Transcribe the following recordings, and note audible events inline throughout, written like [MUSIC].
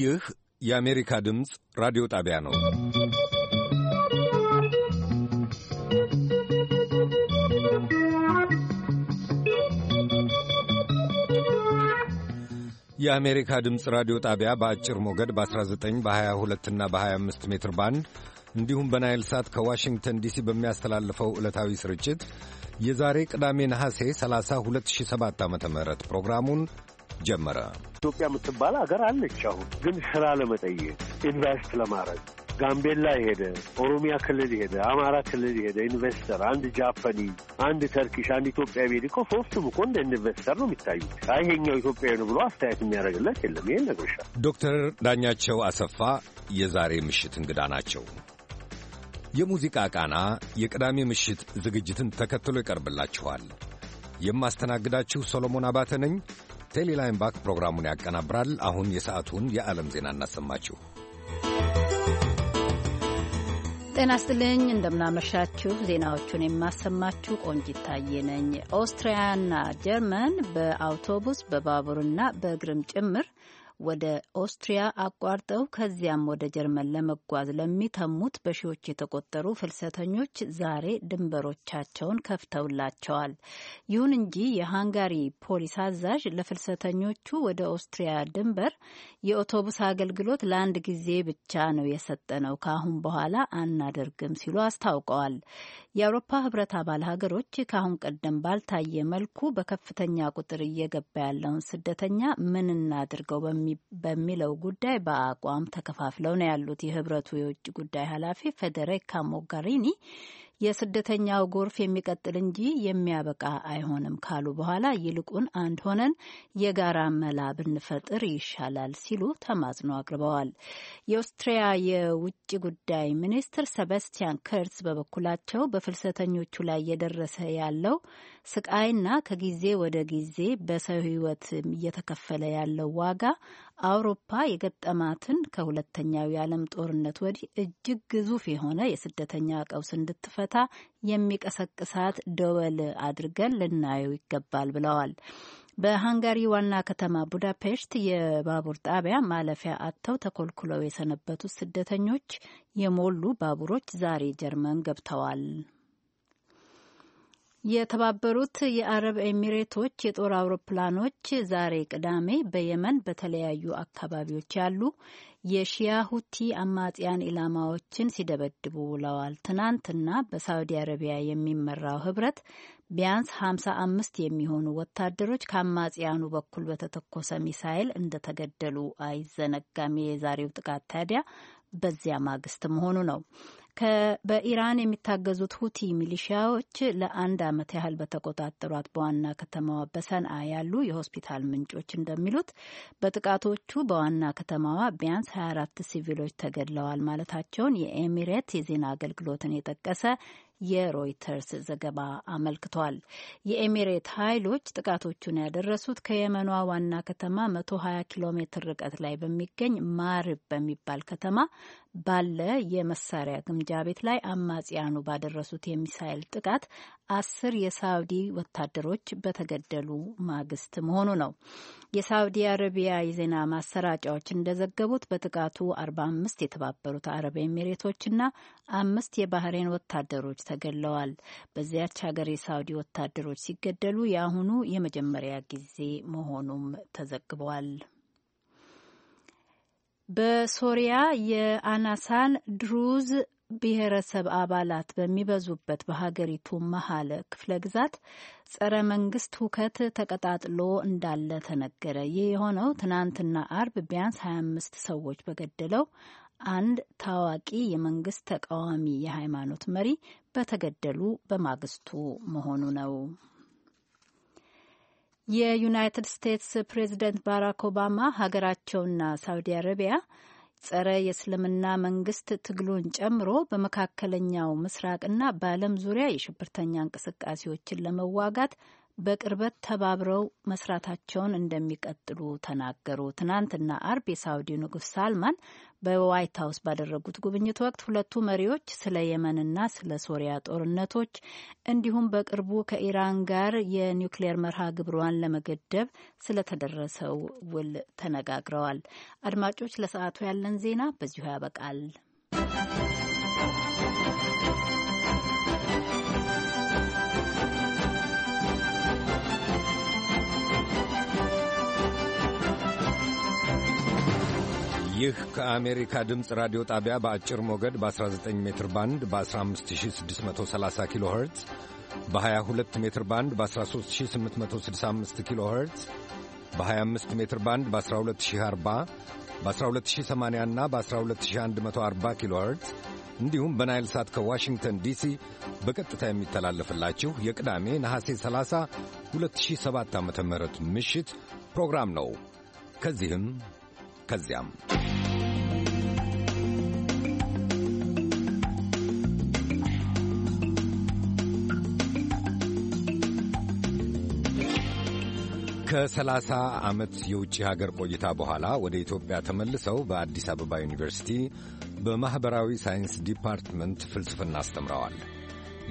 ይህ የአሜሪካ ድምፅ ራዲዮ ጣቢያ ነው። የአሜሪካ ድምፅ ራዲዮ ጣቢያ በአጭር ሞገድ በ19 በ22 እና በ25 ሜትር ባንድ እንዲሁም በናይል ሳት ከዋሽንግተን ዲሲ በሚያስተላልፈው ዕለታዊ ስርጭት የዛሬ ቅዳሜ ነሐሴ 30 2007 ዓ ም ፕሮግራሙን ጀመረ። ኢትዮጵያ የምትባል ሀገር አለች። አሁን ግን ስራ ለመጠየቅ ኢንቨስት ለማድረግ ጋምቤላ ሄደ፣ ኦሮሚያ ክልል ሄደ፣ አማራ ክልል ሄደ። ኢንቨስተር አንድ ጃፓኒ፣ አንድ ተርኪሽ፣ አንድ ኢትዮጵያ ቤድ እኮ ሶስቱም እኮ እንደ ኢንቨስተር ነው የሚታዩት። ይሄኛው ኢትዮጵያዊ ነው ብሎ አስተያየት የሚያደርግለት የለም። ይሄን ነግሬሻለሁ። ዶክተር ዳኛቸው አሰፋ የዛሬ ምሽት እንግዳ ናቸው። የሙዚቃ ቃና የቅዳሜ ምሽት ዝግጅትን ተከትሎ ይቀርብላችኋል። የማስተናግዳችሁ ሰሎሞን አባተ ነኝ። ቴሌ ላይምባክ ፕሮግራሙን ያቀናብራል። አሁን የሰዓቱን የዓለም ዜና እናሰማችሁ። ጤና ስጥልኝ፣ እንደምናመሻችሁ። ዜናዎቹን የማሰማችሁ ቆንጂት ታዬ ነኝ። ኦስትሪያና ጀርመን በአውቶቡስ በባቡርና በእግርም ጭምር ወደ ኦስትሪያ አቋርጠው ከዚያም ወደ ጀርመን ለመጓዝ ለሚተሙት በሺዎች የተቆጠሩ ፍልሰተኞች ዛሬ ድንበሮቻቸውን ከፍተውላቸዋል። ይሁን እንጂ የሃንጋሪ ፖሊስ አዛዥ ለፍልሰተኞቹ ወደ ኦስትሪያ ድንበር የኦቶቡስ አገልግሎት ለአንድ ጊዜ ብቻ ነው የሰጠ ነው፣ ከአሁን በኋላ አናደርግም ሲሉ አስታውቀዋል። የአውሮፓ ህብረት አባል ሀገሮች ከአሁን ቀደም ባልታየ መልኩ በከፍተኛ ቁጥር እየገባ ያለውን ስደተኛ ምን እናድርገው በሚለው ጉዳይ በአቋም ተከፋፍለው ነው ያሉት። የህብረቱ የውጭ ጉዳይ ኃላፊ ፌዴሪካ ሞጋሪኒ የስደተኛው ጎርፍ የሚቀጥል እንጂ የሚያበቃ አይሆንም ካሉ በኋላ ይልቁን አንድ ሆነን የጋራ መላ ብንፈጥር ይሻላል ሲሉ ተማጽኖ አቅርበዋል። የኦስትሪያ የውጭ ጉዳይ ሚኒስትር ሰበስቲያን ከርስ በበኩላቸው በፍልሰተኞቹ ላይ እየደረሰ ያለው ስቃይና ከጊዜ ወደ ጊዜ በሰው ሕይወት እየተከፈለ ያለው ዋጋ አውሮፓ የገጠማትን ከሁለተኛው የዓለም ጦርነት ወዲህ እጅግ ግዙፍ የሆነ የስደተኛ ቀውስ እንድትፈታ የሚቀሰቅሳት ደወል አድርገን ልናየው ይገባል ብለዋል። በሃንጋሪ ዋና ከተማ ቡዳፔስት የባቡር ጣቢያ ማለፊያ አጥተው ተኮልኩለው የሰነበቱት ስደተኞች የሞሉ ባቡሮች ዛሬ ጀርመን ገብተዋል። የተባበሩት የአረብ ኤሚሬቶች የጦር አውሮፕላኖች ዛሬ ቅዳሜ በየመን በተለያዩ አካባቢዎች ያሉ የሺያ ሁቲ አማጽያን ኢላማዎችን ሲደበድቡ ውለዋል። ትናንትና በሳውዲ አረቢያ የሚመራው ህብረት ቢያንስ አምስት የሚሆኑ ወታደሮች ከአማጽያኑ በኩል በተተኮሰ ሚሳይል እንደተገደሉ አይዘነጋም። የዛሬው ጥቃት ታዲያ በዚያ ማግስት መሆኑ ነው። በኢራን የሚታገዙት ሁቲ ሚሊሺያዎች ለአንድ ዓመት ያህል በተቆጣጠሯት በዋና ከተማዋ በሰንአ ያሉ የሆስፒታል ምንጮች እንደሚሉት በጥቃቶቹ በዋና ከተማዋ ቢያንስ 24 ሲቪሎች ተገድለዋል ማለታቸውን የኤሚሬት የዜና አገልግሎትን የጠቀሰ የሮይተርስ ዘገባ አመልክቷል። የኤሚሬት ኃይሎች ጥቃቶቹን ያደረሱት ከየመኗ ዋና ከተማ 120 ኪሎ ሜትር ርቀት ላይ በሚገኝ ማርብ በሚባል ከተማ ባለ የመሳሪያ ግምጃ ቤት ላይ አማጽያኑ ባደረሱት የሚሳይል ጥቃት አስር የሳውዲ ወታደሮች በተገደሉ ማግስት መሆኑ ነው። የሳውዲ አረቢያ የዜና ማሰራጫዎች እንደዘገቡት በጥቃቱ 45 የተባበሩት አረብ ኤሚሬቶችና አምስት የባህሬን ወታደሮች ተገድለዋል። በዚያች ሀገር የሳውዲ ወታደሮች ሲገደሉ የአሁኑ የመጀመሪያ ጊዜ መሆኑም ተዘግቧል። በሶሪያ የአናሳን ድሩዝ ብሔረሰብ አባላት በሚበዙበት በሀገሪቱ መሀል ክፍለ ግዛት ጸረ መንግስት ሁከት ተቀጣጥሎ እንዳለ ተነገረ። ይህ የሆነው ትናንትና አርብ ቢያንስ 25 ሰዎች በገደለው አንድ ታዋቂ የመንግስት ተቃዋሚ የሃይማኖት መሪ በተገደሉ በማግስቱ መሆኑ ነው። የዩናይትድ ስቴትስ ፕሬዚደንት ባራክ ኦባማ ሀገራቸውና ሳውዲ አረቢያ ጸረ የእስልምና መንግስት ትግሉን ጨምሮ በመካከለኛው ምስራቅና በዓለም ዙሪያ የሽብርተኛ እንቅስቃሴዎችን ለመዋጋት በቅርበት ተባብረው መስራታቸውን እንደሚቀጥሉ ተናገሩ። ትናንትና አርብ የሳውዲ ንጉሥ ሳልማን በዋይት ሀውስ ባደረጉት ጉብኝት ወቅት ሁለቱ መሪዎች ስለ የመንና ስለ ሶሪያ ጦርነቶች እንዲሁም በቅርቡ ከኢራን ጋር የኒውክሌር መርሃ ግብሯን ለመገደብ ስለተደረሰው ውል ተነጋግረዋል። አድማጮች፣ ለሰዓቱ ያለን ዜና በዚሁ ያበቃል። ይህ ከአሜሪካ ድምፅ ራዲዮ ጣቢያ በአጭር ሞገድ በ19 ሜትር ባንድ በ15630 ኪሎ ኸርትዝ በ22 ሜትር ባንድ በ13865 ኪሎ ኸርትዝ በ25 ሜትር ባንድ በ 1240 በ 1280 እና በ12140 ኪሎ ኸርትዝ እንዲሁም በናይል ሳት ከዋሽንግተን ዲሲ በቀጥታ የሚተላለፍላችሁ የቅዳሜ ነሐሴ 30 2007 ዓ ም ምሽት ፕሮግራም ነው። ከዚህም ከዚያም ከ30 ዓመት የውጭ ሀገር ቆይታ በኋላ ወደ ኢትዮጵያ ተመልሰው በአዲስ አበባ ዩኒቨርሲቲ በማኅበራዊ ሳይንስ ዲፓርትመንት ፍልስፍና አስተምረዋል።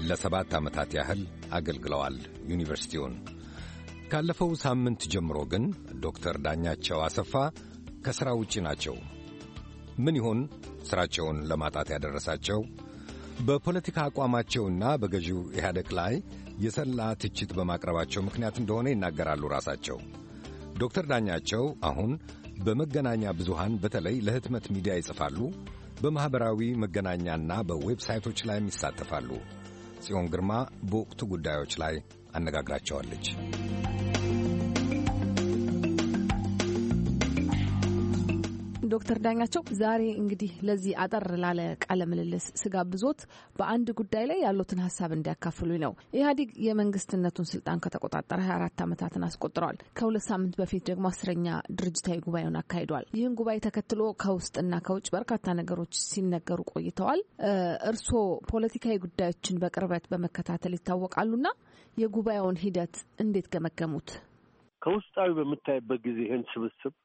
ለሰባት ዓመታት ያህል አገልግለዋል ዩኒቨርሲቲውን። ካለፈው ሳምንት ጀምሮ ግን ዶክተር ዳኛቸው አሰፋ ከሥራ ውጪ ናቸው። ምን ይሆን ሥራቸውን ለማጣት ያደረሳቸው? በፖለቲካ አቋማቸውና በገዢው ኢህአደግ ላይ የሰላ ትችት በማቅረባቸው ምክንያት እንደሆነ ይናገራሉ ራሳቸው። ዶክተር ዳኛቸው አሁን በመገናኛ ብዙሃን በተለይ ለህትመት ሚዲያ ይጽፋሉ። በማኅበራዊ መገናኛና በዌብሳይቶች ላይም ይሳተፋሉ። ጽዮን ግርማ በወቅቱ ጉዳዮች ላይ አነጋግራቸዋለች። ዶክተር ዳኛቸው ዛሬ እንግዲህ ለዚህ አጠር ላለ ቃለ ምልልስ ስጋ ብዞት በአንድ ጉዳይ ላይ ያሉትን ሀሳብ እንዲያካፍሉ ነው። ኢህአዴግ የመንግስትነቱን ስልጣን ከተቆጣጠረ 24 ዓመታትን አስቆጥረዋል። ከሁለት ሳምንት በፊት ደግሞ አስረኛ ድርጅታዊ ጉባኤውን አካሂዷል። ይህን ጉባኤ ተከትሎ ከውስጥና ከውጭ በርካታ ነገሮች ሲነገሩ ቆይተዋል። እርስዎ ፖለቲካዊ ጉዳዮችን በቅርበት በመከታተል ይታወቃሉና የጉባኤውን ሂደት እንዴት ገመገሙት? ከውስጣዊ በምታይበት ጊዜ ይህን ስብስብ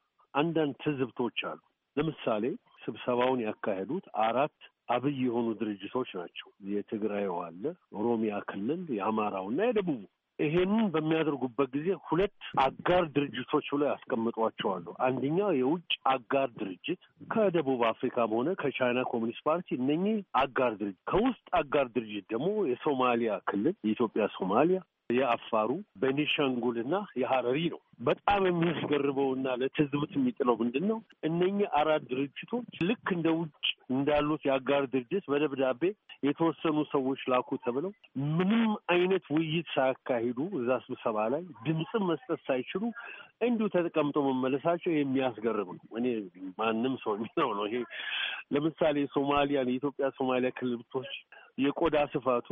አንዳንድ ትዝብቶች አሉ። ለምሳሌ ስብሰባውን ያካሄዱት አራት አብይ የሆኑ ድርጅቶች ናቸው። የትግራይ አለ፣ ኦሮሚያ ክልል፣ የአማራው እና የደቡቡ ይሄንን በሚያደርጉበት ጊዜ ሁለት አጋር ድርጅቶች ብለው ያስቀምጧቸዋሉ። አንደኛው የውጭ አጋር ድርጅት ከደቡብ አፍሪካም ሆነ ከቻይና ኮሚኒስት ፓርቲ እነኚህ አጋር ድርጅት፣ ከውስጥ አጋር ድርጅት ደግሞ የሶማሊያ ክልል የኢትዮጵያ ሶማሊያ፣ የአፋሩ፣ ቤኒሻንጉልና የሀረሪ ነው። በጣም የሚያስገርመውና ለትዝብት የሚጥለው ምንድን ነው? እነኚህ አራት ድርጅቶች ልክ እንደ ውጭ እንዳሉት የአጋር ድርጅት በደብዳቤ የተወሰኑ ሰዎች ላኩ ተብለው ምንም አይነት ውይይት ሳያካሂዱ እዛ ስብሰባ ላይ ድምፅን መስጠት ሳይችሉ እንዲሁ ተቀምጦ መመለሳቸው የሚያስገርም ነው። እኔ ማንም ሰው የሚለው ነው ይሄ። ለምሳሌ ሶማሊያን የኢትዮጵያ ሶማሊያ ክልል ብትወስድ የቆዳ ስፋቱ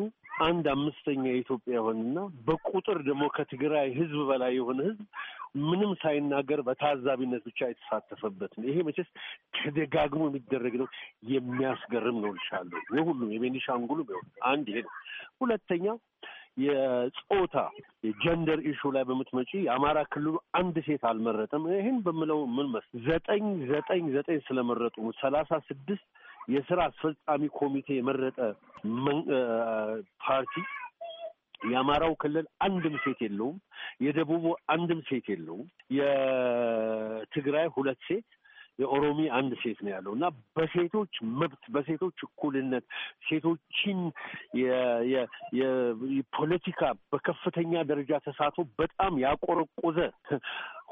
አንድ አምስተኛ የኢትዮጵያ የሆነና በቁጥር ደግሞ ከትግራይ ህዝብ በላይ የሆነ ህዝብ ምንም ሳይናገር በታዛቢነት ብቻ የተሳተፈበት ነው። ይሄ መቼስ ተደጋግሞ የሚደረግ ነው። የሚያስገርም ነው ልሻለሁ። የሁሉም የቤኒሻንጉሉ አንድ ይሄ ነው። ሁለተኛ የጾታ የጀንደር ኢሹ ላይ በምትመጪ የአማራ ክልሉ አንድ ሴት አልመረጠም። ይህን በምለው ምን መስ ዘጠኝ ዘጠኝ ዘጠኝ ስለመረጡ ሰላሳ ስድስት የስራ አስፈጻሚ ኮሚቴ የመረጠ ፓርቲ የአማራው ክልል አንድም ሴት የለውም። የደቡቡ አንድም ሴት የለውም። የትግራይ ሁለት ሴት የኦሮሚ አንድ ሴት ነው ያለው እና በሴቶች መብት በሴቶች እኩልነት ሴቶችን የፖለቲካ በከፍተኛ ደረጃ ተሳትፎ በጣም ያቆረቆዘ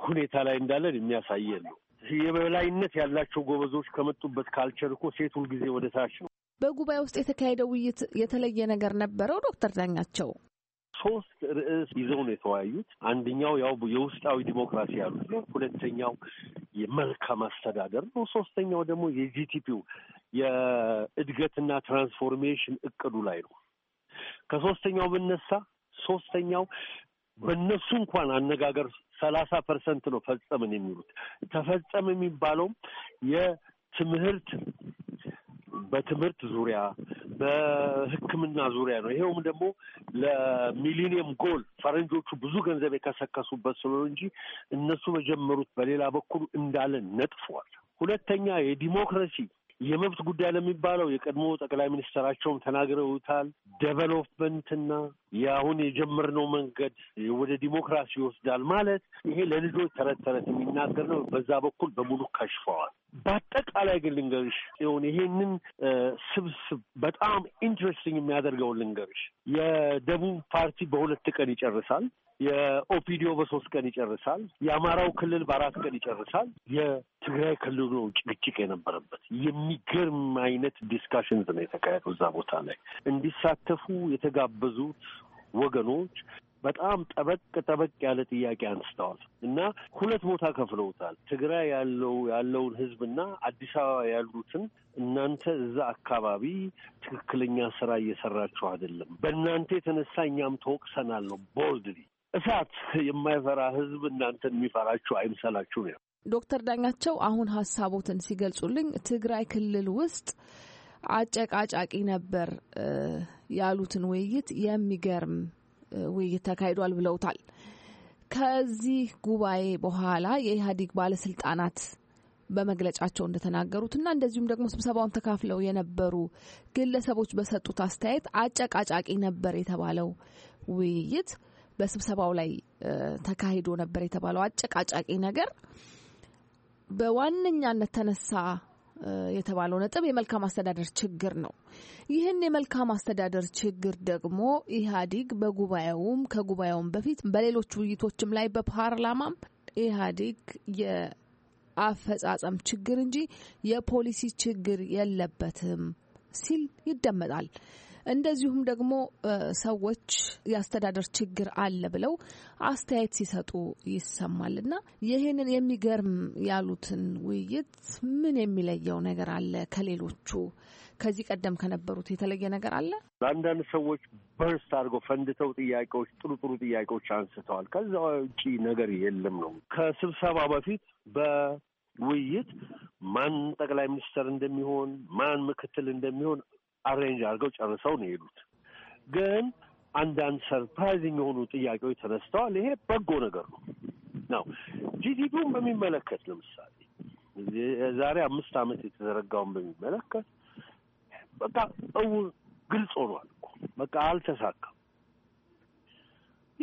ሁኔታ ላይ እንዳለን የሚያሳየን ነው። የበላይነት ያላቸው ጎበዞች ከመጡበት ካልቸር እኮ ሴት ሁልጊዜ ወደ ታች ነው። በጉባኤ ውስጥ የተካሄደው ውይይት የተለየ ነገር ነበረው? ዶክተር ዳኛቸው ሶስት ርዕስ ይዘው ነው የተወያዩት። አንደኛው ያው የውስጣዊ ዲሞክራሲ ያሉት ነው። ሁለተኛው የመልካም አስተዳደር ነው። ሶስተኛው ደግሞ የጂቲፒው የእድገትና ትራንስፎርሜሽን እቅዱ ላይ ነው። ከሶስተኛው ብነሳ ሶስተኛው በእነሱ እንኳን አነጋገር ሰላሳ ፐርሰንት ነው ፈጸምን የሚሉት። ተፈጸም የሚባለውም የትምህርት በትምህርት ዙሪያ በሕክምና ዙሪያ ነው። ይሄውም ደግሞ ለሚሊኒየም ጎል ፈረንጆቹ ብዙ ገንዘብ የከሰከሱበት ስለሆነ እንጂ እነሱ በጀመሩት በሌላ በኩል እንዳለን ነጥፏል። ሁለተኛ የዲሞክራሲ የመብት ጉዳይ ለሚባለው የቀድሞ ጠቅላይ ሚኒስትራቸውም ተናግረውታል። ዴቨሎፕመንትና የአሁን የጀመርነው መንገድ ወደ ዲሞክራሲ ይወስዳል ማለት ይሄ ለልጆች ተረት ተረት የሚናገር ነው። በዛ በኩል በሙሉ ከሽፈዋል። በአጠቃላይ ግን ልንገርሽ ሆን ይሄንን ስብስብ በጣም ኢንትረስቲንግ የሚያደርገውን ልንገርሽ የደቡብ ፓርቲ በሁለት ቀን ይጨርሳል። የኦፒዲዮ በሶስት ቀን ይጨርሳል። የአማራው ክልል በአራት ቀን ይጨርሳል። የትግራይ ክልሉ ነው ጭቅጭቅ የነበረበት። የሚገርም አይነት ዲስካሽን ነው የተካሄደው እዛ ቦታ ላይ እንዲሳተፉ የተጋበዙት ወገኖች በጣም ጠበቅ ጠበቅ ያለ ጥያቄ አንስተዋል እና ሁለት ቦታ ከፍለውታል። ትግራይ ያለው ያለውን ህዝብና አዲስ አበባ ያሉትን እናንተ እዛ አካባቢ ትክክለኛ ስራ እየሰራችሁ አይደለም፣ በእናንተ የተነሳ እኛም ተወቅሰናል ነው ቦልድሊ እሳት የማይፈራ ህዝብ እናንተን የሚፈራችሁ አይምሰላችሁ ነው። ዶክተር ዳኛቸው አሁን ሀሳቦትን ሲገልጹልኝ ትግራይ ክልል ውስጥ አጨቃጫቂ ነበር ያሉትን ውይይት የሚገርም ውይይት ተካሂዷል ብለውታል። ከዚህ ጉባኤ በኋላ የኢህአዴግ ባለስልጣናት በመግለጫቸው እንደተናገሩት እና እንደዚሁም ደግሞ ስብሰባውን ተካፍለው የነበሩ ግለሰቦች በሰጡት አስተያየት አጨቃጫቂ ነበር የተባለው ውይይት በስብሰባው ላይ ተካሂዶ ነበር የተባለው አጨቃጫቂ ነገር በዋነኛነት ተነሳ የተባለው ነጥብ የመልካም አስተዳደር ችግር ነው። ይህን የመልካም አስተዳደር ችግር ደግሞ ኢህአዲግ በጉባኤውም ከጉባኤውም በፊት በሌሎች ውይይቶችም ላይ በፓርላማም ኢህአዲግ የአፈጻጸም ችግር እንጂ የፖሊሲ ችግር የለበትም ሲል ይደመጣል። እንደዚሁም ደግሞ ሰዎች የአስተዳደር ችግር አለ ብለው አስተያየት ሲሰጡ ይሰማል እና ይህንን የሚገርም ያሉትን ውይይት ምን የሚለየው ነገር አለ ከሌሎቹ ከዚህ ቀደም ከነበሩት የተለየ ነገር አለ? አንዳንድ ሰዎች በርስት አድርገው ፈንድተው ጥያቄዎች፣ ጥሩ ጥሩ ጥያቄዎች አንስተዋል። ከዛ ውጪ ነገር የለም ነው ከስብሰባ በፊት በውይይት ማን ጠቅላይ ሚኒስተር እንደሚሆን ማን ምክትል እንደሚሆን አሬንጅ አድርገው ጨርሰው ነው የሄዱት። ግን አንዳንድ ሰርፕራይዚንግ የሆኑ ጥያቄዎች ተነስተዋል። ይሄ በጎ ነገር ነው ነው ጂዲፒውን በሚመለከት ለምሳሌ የዛሬ አምስት ዓመት የተዘረጋውን በሚመለከት በቃ እውር ግልጽ ሆኗል እኮ በቃ አልተሳካም።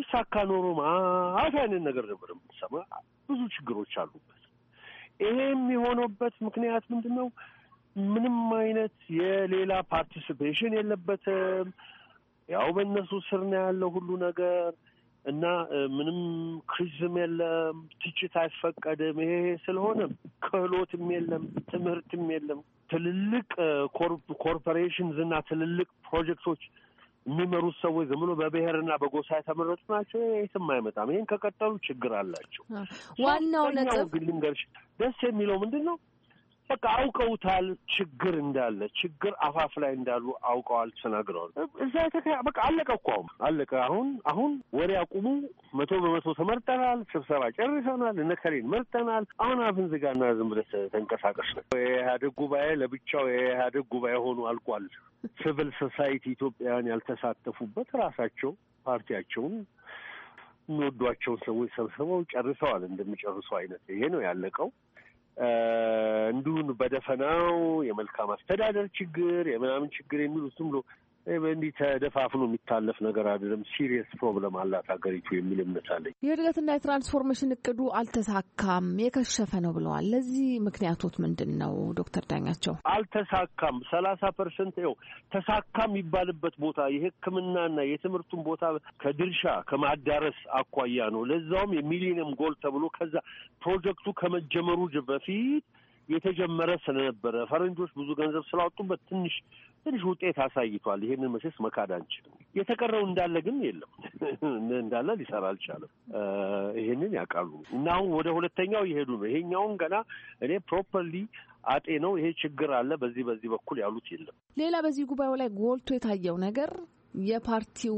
ይሳካ ኖሮ ማት አይነት ነገር ነበር የምትሰማ። ብዙ ችግሮች አሉበት። ይሄ የሚሆነበት ምክንያት ምንድን ነው? ምንም አይነት የሌላ ፓርቲሲፔሽን የለበትም። ያው በእነሱ ስር ነው ያለው ሁሉ ነገር እና ምንም ክሪዝም የለም፣ ትችት አይፈቀድም። ይሄ ስለሆነ ክህሎትም የለም፣ ትምህርትም የለም። ትልልቅ ኮርፖሬሽንስ እና ትልልቅ ፕሮጀክቶች የሚመሩት ሰዎች ዝም ብሎ በብሔርና በጎሳ የተመረጡ ናቸው። የትም አይመጣም። ይህን ከቀጠሉ ችግር አላቸው። ዋናው ነጥብ ግን ልንገርሽ፣ ደስ የሚለው ምንድን ነው በቃ አውቀውታል። ችግር እንዳለ ችግር አፋፍ ላይ እንዳሉ አውቀዋል፣ ተናግረዋል። እዛ በቃ አለቀ እኮ አለቀ። አሁን አሁን ወሬ አቁሙ። መቶ በመቶ ተመርጠናል፣ ስብሰባ ጨርሰናል፣ እነ መርጠናል። አሁን አፍን ዝጋና ዝም ብለህ ተንቀሳቀስ ነው። የኢህአዴግ ጉባኤ ለብቻው የኢህአዴግ ጉባኤ ሆኑ አልቋል። ሲቪል ሶሳይቲ ኢትዮጵያውያን ያልተሳተፉበት ራሳቸው ፓርቲያቸውን የሚወዷቸውን ሰዎች ሰብስበው ጨርሰዋል። እንደሚጨርሰው አይነት ይሄ ነው ያለቀው። እንዲሁን በደፈናው የመልካም አስተዳደር ችግር የምናምን ችግር የሚሉት ዝም ብሎ እንዲህ ተደፋፍኖ የሚታለፍ ነገር አይደለም። ሲሪየስ ፕሮብለም አላት ሀገሪቱ የሚል እምነት አለኝ። የእድገትና የትራንስፎርሜሽን እቅዱ አልተሳካም፣ የከሸፈ ነው ብለዋል። ለዚህ ምክንያቶት ምንድን ነው ዶክተር ዳኛቸው? አልተሳካም ሰላሳ ፐርሰንት ው ተሳካ የሚባልበት ቦታ የሕክምናና የትምህርቱን ቦታ ከድርሻ ከማዳረስ አኳያ ነው። ለዛውም የሚሊኒየም ጎል ተብሎ ከዛ ፕሮጀክቱ ከመጀመሩ በፊት የተጀመረ ስለነበረ ፈረንጆች ብዙ ገንዘብ ስላወጡበት ትንሽ ትንሽ ውጤት አሳይቷል። ይሄንን መቼስ መካድ አንችልም። የተቀረው እንዳለ ግን የለም [LAUGHS] እንዳለ ሊሰራ አልቻለም። ይሄንን ያውቃሉ እና አሁን ወደ ሁለተኛው ይሄዱ ነው። ይሄኛውን ገና እኔ ፕሮፐርሊ አጤ ነው ይሄ ችግር አለ በዚህ በዚህ በኩል ያሉት የለም። ሌላ በዚህ ጉባኤው ላይ ጎልቶ የታየው ነገር የፓርቲው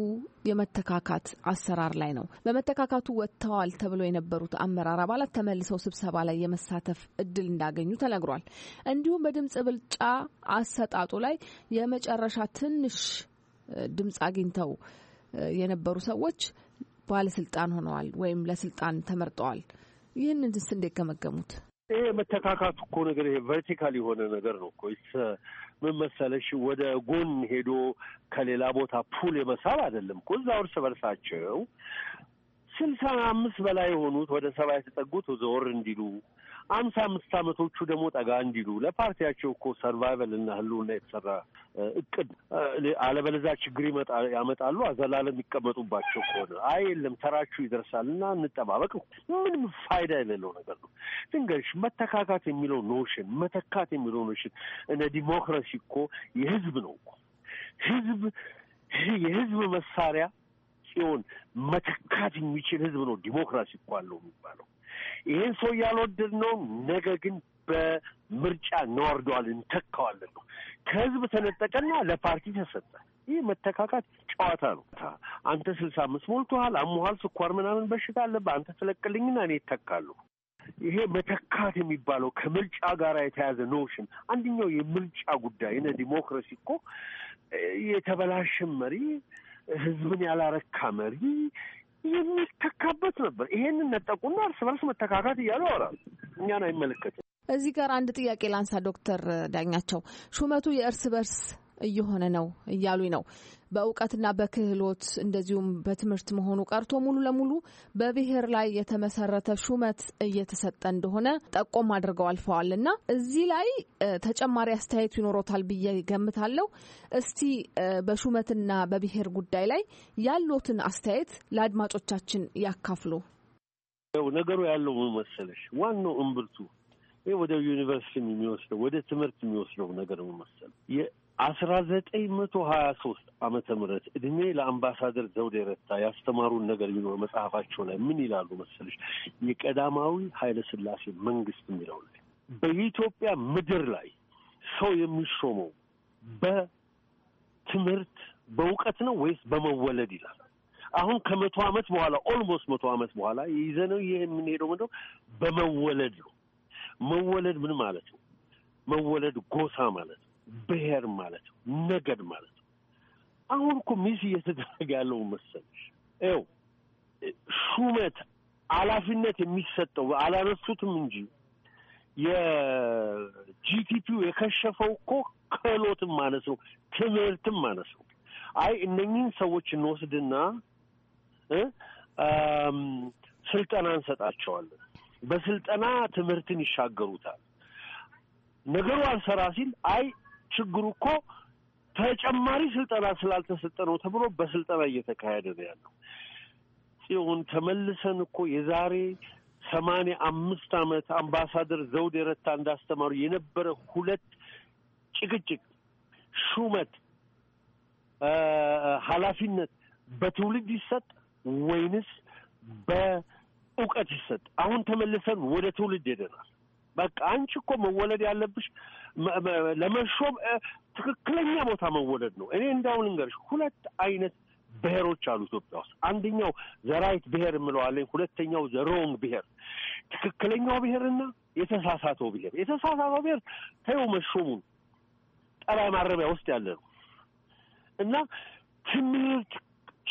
የመተካካት አሰራር ላይ ነው። በመተካካቱ ወጥተዋል ተብሎ የነበሩት አመራር አባላት ተመልሰው ስብሰባ ላይ የመሳተፍ እድል እንዳገኙ ተነግሯል። እንዲሁም በድምፅ ብልጫ አሰጣጡ ላይ የመጨረሻ ትንሽ ድምፅ አግኝተው የነበሩ ሰዎች ባለስልጣን ሆነዋል ወይም ለስልጣን ተመርጠዋል። ይህንን ስ እንዴት ገመገሙት? ይህ መተካካቱ እኮ ነገር ይሄ ቨርቲካል የሆነ ነገር ነው እኮ ምን መሰለሽ ወደ ጎን ሄዶ ከሌላ ቦታ ፑል የመሳብ አይደለም እኮ እዛው እርስ በርሳቸው ስልሳ አምስት በላይ የሆኑት ወደ ሰባ የተጠጉት ዞር እንዲሉ አምሳ አምስት ዓመቶቹ ደግሞ ጠጋ እንዲሉ ለፓርቲያቸው እኮ ሰርቫይቨል እና ህልውና የተሰራ እቅድ፣ አለበለዛ ችግር ያመጣሉ አዘላለም ይቀመጡባቸው ከሆነ አይ የለም ተራችሁ ይደርሳል እና እንጠባበቅ ምንም ፋይዳ የሌለው ነገር ነው። ድንገሽ መተካካት የሚለው ኖሽን መተካት የሚለው ኖሽን እነ ዲሞክራሲ እኮ የህዝብ ነው እኮ ህዝብ የህዝብ መሳሪያ ሲሆን መተካት የሚችል ህዝብ ነው ዲሞክራሲ እኮ አለው የሚባለው። ይህን ሰው ያልወደድ ነው። ነገ ግን በምርጫ እናወርደዋል፣ እንተካዋለን ነው። ከህዝብ ተነጠቀና ለፓርቲ ተሰጠ። ይህ መተካካት ጨዋታ ነው። አንተ ስልሳ አምስት ሞልቶሃል፣ አሞሃል፣ ስኳር ምናምን በሽታ አለብህ፣ አንተ ትለቅልኝና እኔ ይተካሉ። ይሄ መተካት የሚባለው ከምርጫ ጋር የተያዘ ኖሽን። አንደኛው የምርጫ ጉዳይ ነ ዲሞክራሲ እኮ የተበላሸ መሪ፣ ህዝብን ያላረካ መሪ፣ የሚተካበት ነበር። ይሄንን ነጠቁና እርስ በርስ መተካካት እያሉ ያወራሉ። እኛን አይመለከትም። እዚህ ጋር አንድ ጥያቄ ላንሳ። ዶክተር ዳኛቸው ሹመቱ የእርስ በርስ እየሆነ ነው እያሉኝ ነው። በእውቀትና በክህሎት እንደዚሁም በትምህርት መሆኑ ቀርቶ ሙሉ ለሙሉ በብሔር ላይ የተመሰረተ ሹመት እየተሰጠ እንደሆነ ጠቆም አድርገው አልፈዋል እና እዚህ ላይ ተጨማሪ አስተያየቱ ይኖሮታል ብዬ ገምታለሁ። እስቲ በሹመትና በብሔር ጉዳይ ላይ ያሉትን አስተያየት ለአድማጮቻችን ያካፍሉ። ያው ነገሩ ያለው ምን መሰለሽ፣ ዋናው እምብርቱ ይህ ወደ ዩኒቨርሲቲ የሚወስደው ወደ ትምህርት የሚወስደው ነገር ምን መሰለሽ አስራ ዘጠኝ መቶ ሀያ ሶስት አመተ ምህረት እድሜ ለአምባሳደር ዘውዴ ረታ ያስተማሩን ነገር ቢኖር መጽሐፋቸው ላይ ምን ይላሉ መሰለሽ? የቀዳማዊ ኃይለ ሥላሴ መንግስት የሚለው ላይ በኢትዮጵያ ምድር ላይ ሰው የሚሾመው በትምህርት በእውቀት ነው ወይስ በመወለድ ይላል። አሁን ከመቶ ዓመት በኋላ ኦልሞስት መቶ ዓመት በኋላ ይዘነው ይህ የምንሄደው ምንድነው? በመወለድ ነው። መወለድ ምን ማለት ነው? መወለድ ጎሳ ማለት ነው። ብሔር ማለት ነው፣ ነገድ ማለት ነው። አሁን እኮ ሚስ እየተደረገ ያለው መሰለሽ ው ሹመት ኃላፊነት የሚሰጠው አላነሱትም እንጂ የጂቲፒው የከሸፈው እኮ ክህሎትም ማለት ነው፣ ትምህርትም ማለት ነው። አይ እነኚህን ሰዎች እንወስድና ስልጠና እንሰጣቸዋለን፣ በስልጠና ትምህርትን ይሻገሩታል። ነገሩ አልሰራ ሲል አይ ችግሩ እኮ ተጨማሪ ስልጠና ስላልተሰጠ ነው ተብሎ በስልጠና እየተካሄደ ነው ያለው። ጽዮን ተመልሰን እኮ የዛሬ ሰማንያ አምስት ዓመት አምባሳደር ዘውዴ ረታ እንዳስተማሩ የነበረ ሁለት ጭቅጭቅ፣ ሹመት፣ ኃላፊነት በትውልድ ይሰጥ ወይንስ በእውቀት ይሰጥ? አሁን ተመልሰን ወደ ትውልድ ሄደናል። በቃ አንቺ እኮ መወለድ ያለብሽ ለመሾም ትክክለኛ ቦታ መወለድ ነው። እኔ እንዳሁን ልንገርሽ ሁለት አይነት ብሔሮች አሉ ኢትዮጵያ ውስጥ። አንደኛው ዘራይት ብሔር የምለዋለኝ፣ ሁለተኛው ዘሮንግ ብሔር። ትክክለኛው ብሔርና የተሳሳተው ብሔር። የተሳሳተው ብሔር ተይው መሾሙን ጠላይ ማረሚያ ውስጥ ያለ ነው እና ትምህርት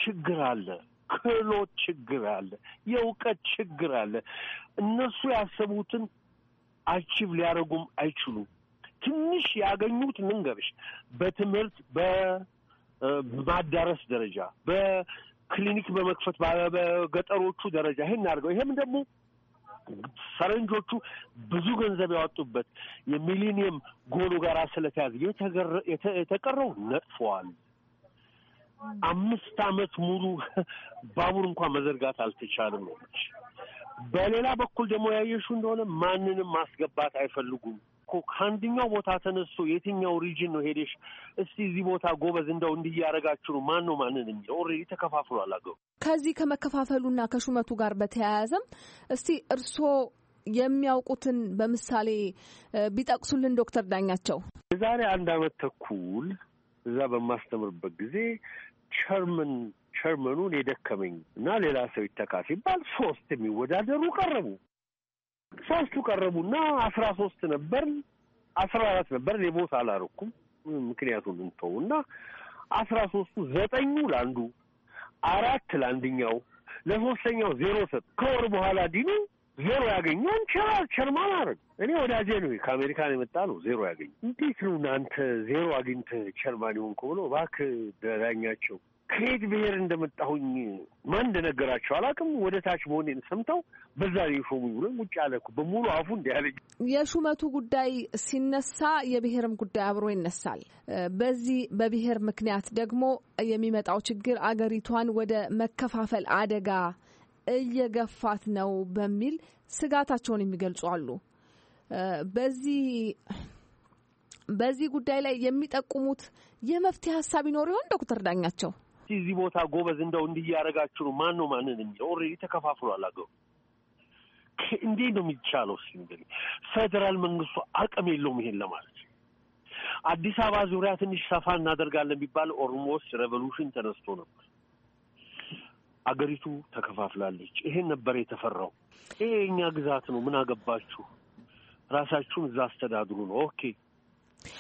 ችግር አለ፣ ክህሎት ችግር አለ፣ የእውቀት ችግር አለ። እነሱ ያሰቡትን አቺቭ ሊያደርጉም አይችሉም። ትንሽ ያገኙት ምንገብሽ በትምህርት በማዳረስ ደረጃ በክሊኒክ በመክፈት በገጠሮቹ ደረጃ ይሄን አድርገው ይሄም ደግሞ ፈረንጆቹ ብዙ ገንዘብ ያወጡበት የሚሊኒየም ጎሉ ጋር ስለተያዘ የተቀረው ነጥፈዋል። አምስት ዓመት ሙሉ ባቡር እንኳን መዘርጋት አልተቻለም ነች በሌላ በኩል ደግሞ ያየሹ እንደሆነ ማንንም ማስገባት አይፈልጉም። ከአንድኛው ቦታ ተነስቶ የትኛው ሪጅን ነው ሄደሽ እስቲ እዚህ ቦታ ጎበዝ እንደው እንዲያረጋችሁ ነው ማን ነው ማንን የሚለው ኦልሬዲ ተከፋፍሏል አገሩ። ከዚህ ከመከፋፈሉና ከሹመቱ ጋር በተያያዘም እስቲ እርስዎ የሚያውቁትን በምሳሌ ቢጠቅሱልን ዶክተር ዳኛቸው። የዛሬ አንድ አመት ተኩል እዛ በማስተምርበት ጊዜ ቸርምን ቸርመኑን የደከመኝ እና ሌላ ሰው ይተካ ሲባል ሶስት የሚወዳደሩ ቀረቡ። ሶስቱ ቀረቡና አስራ ሶስት ነበር አስራ አራት ነበር የቦታ አላረኩም ምክንያቱን እንተው እና አስራ ሶስቱ ዘጠኙ ለአንዱ አራት ለአንድኛው ለሶስተኛው ዜሮ ሰጥ ከወር በኋላ ዲኑ ዜሮ ያገኘውን ቸራል ቸርማን አረግ እኔ ወዳጄ ነው ከአሜሪካን የመጣ ነው ዜሮ ያገኘ እንዴት ነው እናንተ ዜሮ አግኝተ ቸርማን ይሆንኩ ብሎ እባክህ ዳኛቸው ከየት ብሔር እንደመጣሁኝ ማን እንደነገራቸው አላውቅም። ወደ ታች መሆኔን ሰምተው በዛ የሾሙኝ ብሎ ውጭ አለኩ በሙሉ አፉ እንዲ ያለኝ። የሹመቱ ጉዳይ ሲነሳ የብሔርም ጉዳይ አብሮ ይነሳል። በዚህ በብሔር ምክንያት ደግሞ የሚመጣው ችግር አገሪቷን ወደ መከፋፈል አደጋ እየገፋት ነው በሚል ስጋታቸውን የሚገልጹ አሉ። በዚህ በዚህ ጉዳይ ላይ የሚጠቁሙት የመፍትሄ ሀሳብ ይኖር ይሆን ዶክተር ዳኛቸው? እስቲ እዚህ ቦታ ጎበዝ እንደው እንዲህ እያደረጋችሁ ነው ማን ነው ማንን የሚለው ኦልሬዲ ተከፋፍሏል አገሩ። እንዴት ነው የሚቻለው? እስኪ እንግዲህ ፌዴራል መንግስቱ አቅም የለውም ይሄን ለማለት አዲስ አበባ ዙሪያ ትንሽ ሰፋ እናደርጋለን የሚባል ኦልሞስት ሬቮሉሽን ተነስቶ ነበር። አገሪቱ ተከፋፍላለች። ይሄን ነበር የተፈራው። ይሄ የኛ ግዛት ነው፣ ምን አገባችሁ? ራሳችሁን እዛ አስተዳድሩ ነው። ኦኬ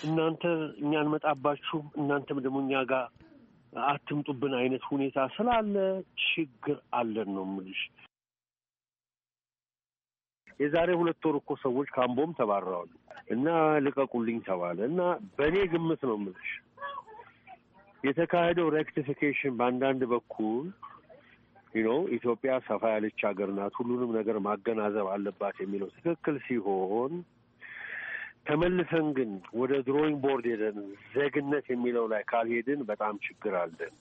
እናንተ እኛ እንመጣባችሁም፣ እናንተም ደግሞ እኛ ጋር አትምጡብን አይነት ሁኔታ ስላለ ችግር አለን ነው የምልሽ። የዛሬ ሁለት ወር እኮ ሰዎች ከአምቦም ተባረዋሉ እና ልቀቁልኝ ተባለ እና በእኔ ግምት ነው የምልሽ የተካሄደው ሬክቲፊኬሽን በአንዳንድ በኩል ነው ኢትዮጵያ ሰፋ ያለች ሀገር ናት፣ ሁሉንም ነገር ማገናዘብ አለባት የሚለው ትክክል ሲሆን ተመልሰን ግን ወደ ድሮይንግ ቦርድ ሄደን ዜግነት የሚለው ላይ ካልሄድን በጣም ችግር አለን።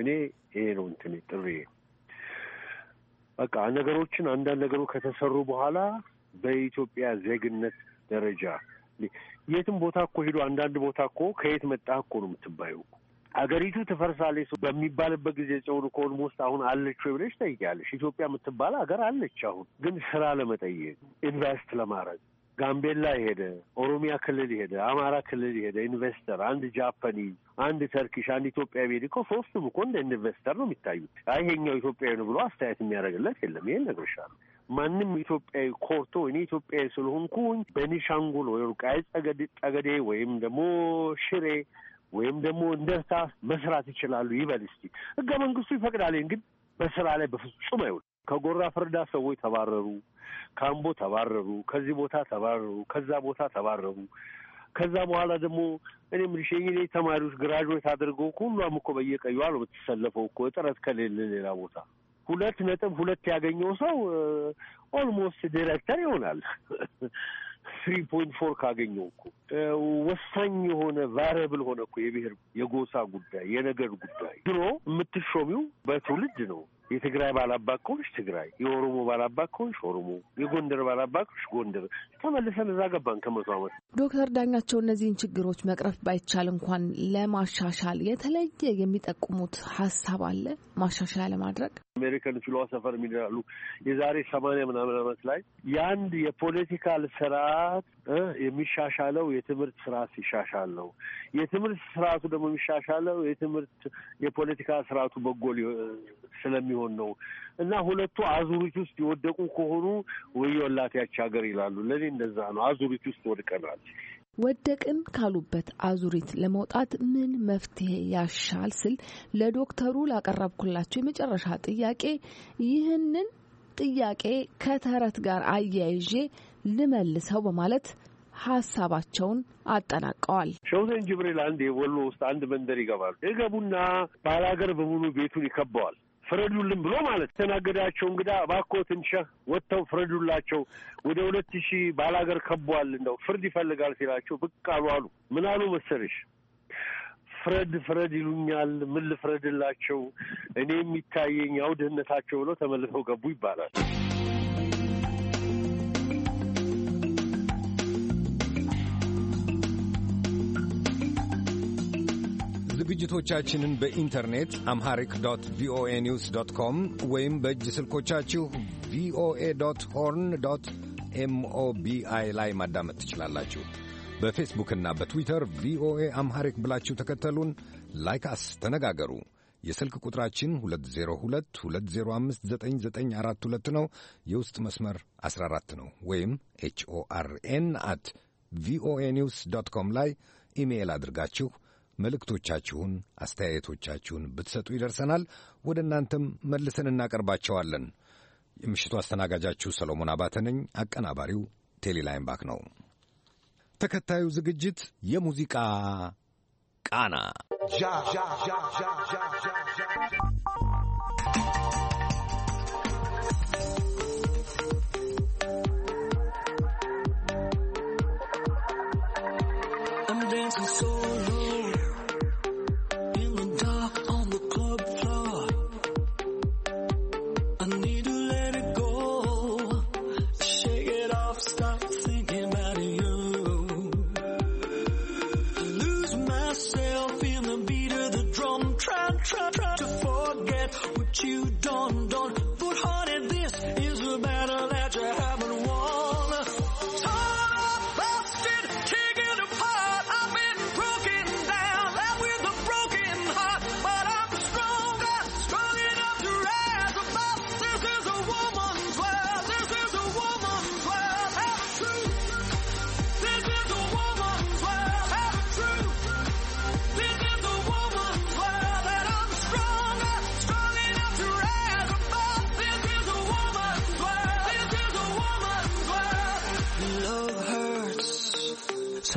እኔ ይሄ ነው እንትን ጥሪ በቃ ነገሮችን አንዳንድ ነገሮች ከተሰሩ በኋላ በኢትዮጵያ ዜግነት ደረጃ የትም ቦታ እኮ ሄዶ አንዳንድ ቦታ እኮ ከየት መጣህ እኮ ነው የምትባዩ። አገሪቱ ትፈርሳለች በሚባልበት ጊዜ ጽሁን ከሆን አሁን አለች ወይ ብለሽ ጠይቂያለሽ። ኢትዮጵያ የምትባል ሀገር አለች። አሁን ግን ስራ ለመጠየቅ ኢንቨስት ለማድረግ ጋምቤላ የሄደ ኦሮሚያ ክልል የሄደ አማራ ክልል የሄደ ኢንቨስተር አንድ ጃፓኒዝ፣ አንድ ተርኪሽ፣ አንድ ኢትዮጵያ ቤድ እኮ ሶስቱም እኮ እንደ ኢንቨስተር ነው የሚታዩት። አይ ይሄኛው ኢትዮጵያዊ ነው ብሎ አስተያየት የሚያደርግለት የለም። ይሄን ነግሬሻለሁ። ማንም ኢትዮጵያዊ ኮርቶ እኔ ኢትዮጵያዊ ስለሆንኩኝ በኒሻንጉል ወይ ቃይ ጠገዴ ወይም ደግሞ ሽሬ ወይም ደግሞ እንደርታ መስራት ይችላሉ ይበል እስቲ። ህገ መንግስቱ ይፈቅዳል። ግን በስራ ላይ በፍጹም አይውል። ከጎራ ፍርዳ ሰዎች ተባረሩ። ከአምቦ ተባረሩ፣ ከዚህ ቦታ ተባረሩ፣ ከዛ ቦታ ተባረሩ። ከዛ በኋላ ደግሞ እኔ የምልሽ የኔ ተማሪዎች ግራጁዌት አድርገው ሁሏም እኮ በየቀዩ አሉ የምትሰለፈው እኮ ጥረት ከሌለ ሌላ ቦታ ሁለት ነጥብ ሁለት ያገኘው ሰው ኦልሞስት ዲሬክተር ይሆናል። ስሪ ፖይንት ፎር ካገኘው እኮ ወሳኝ የሆነ ቫሪያብል ሆነ እኮ የብሔር የጎሳ ጉዳይ የነገድ ጉዳይ ድሮ የምትሾሚው በትውልድ ነው። የትግራይ ባላባት ከሆንሽ ትግራይ፣ የኦሮሞ ባላባት ከሆንሽ ኦሮሞ፣ የጎንደር ባላባት ከሆንሽ ጎንደር። ተመልሰን እዛ ገባን ከመቶ ዓመት። ዶክተር ዳኛቸው እነዚህን ችግሮች መቅረፍ ባይቻል እንኳን ለማሻሻል የተለየ የሚጠቁሙት ሀሳብ አለ ማሻሻያ ለማድረግ አሜሪካን ችሎ ሰፈር የሚደላሉ የዛሬ ሰማንያ ምናምን ዓመት ላይ የአንድ የፖለቲካል ስርዓት የሚሻሻለው የትምህርት ስርዓት ሲሻሻል ነው። የትምህርት ስርዓቱ ደግሞ የሚሻሻለው የትምህርት የፖለቲካ ስርዓቱ በጎ ስለሚሆን ሊሆን ነው እና ሁለቱ አዙሪት ውስጥ የወደቁ ከሆኑ ወዮላት ያች ሀገር ይላሉ። ለእኔ እንደዛ ነው። አዙሪት ውስጥ ወድቀናል። ወደቅን ካሉበት አዙሪት ለመውጣት ምን መፍትሄ ያሻል ስል ለዶክተሩ ላቀረብኩላቸው የመጨረሻ ጥያቄ ይህንን ጥያቄ ከተረት ጋር አያይዤ ልመልሰው በማለት ሀሳባቸውን አጠናቀዋል። ሸውሰን ጅብሪል አንድ የወሎ ውስጥ አንድ መንደር ይገባሉ። የገቡና ባላገር በሙሉ ቤቱን ይከበዋል። ፍረዱልን ብሎ ማለት ተናገዳቸው እንግዳ ባኮ ትንሽ ወጥተው ፍረዱላቸው ወደ ሁለት ሺህ ባላገር ከቧል እንደው ፍርድ ይፈልጋል ሲላቸው ብቅ አሉ አሉ ምን አሉ መሰለሽ ፍረድ ፍረድ ይሉኛል ምን ልፍረድላቸው እኔ የሚታየኝ ያው ድህነታቸው ብለው ተመልሰው ገቡ ይባላል ዝግጅቶቻችንን በኢንተርኔት አምሃሪክ ዶት ቪኦኤ ኒውስ ዶት ኮም ወይም በእጅ ስልኮቻችሁ ቪኦኤ ዶት ሆርን ዶት ኤምኦቢአይ ላይ ማዳመጥ ትችላላችሁ። በፌስቡክና በትዊተር ቪኦኤ አምሃሪክ ብላችሁ ተከተሉን፣ ላይክ አስ፣ ተነጋገሩ። የስልክ ቁጥራችን 2022059942 ነው። የውስጥ መስመር 14 ነው። ወይም ኤችኦአርኤን አት ቪኦኤ ኒውስ ዶት ኮም ላይ ኢሜይል አድርጋችሁ መልእክቶቻችሁን፣ አስተያየቶቻችሁን ብትሰጡ ይደርሰናል። ወደ እናንተም መልሰን እናቀርባቸዋለን። የምሽቱ አስተናጋጃችሁ ሰሎሞን አባተ ነኝ። አቀናባሪው ቴሌላይም ባክ ነው። ተከታዩ ዝግጅት የሙዚቃ ቃና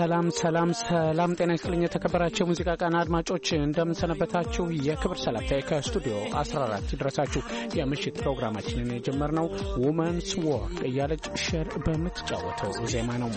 ሰላም ሰላም ሰላም፣ ጤና ይስጥልኝ የተከበራቸው የሙዚቃ ቃና አድማጮች እንደምንሰነበታችሁ። የክብር ሰላምታዬ ከስቱዲዮ 14 ይድረሳችሁ። የምሽት ፕሮግራማችንን የጀመርነው ውመንስ ወርልድ እያለች ሸር በምትጫወተው ዜማ ነው።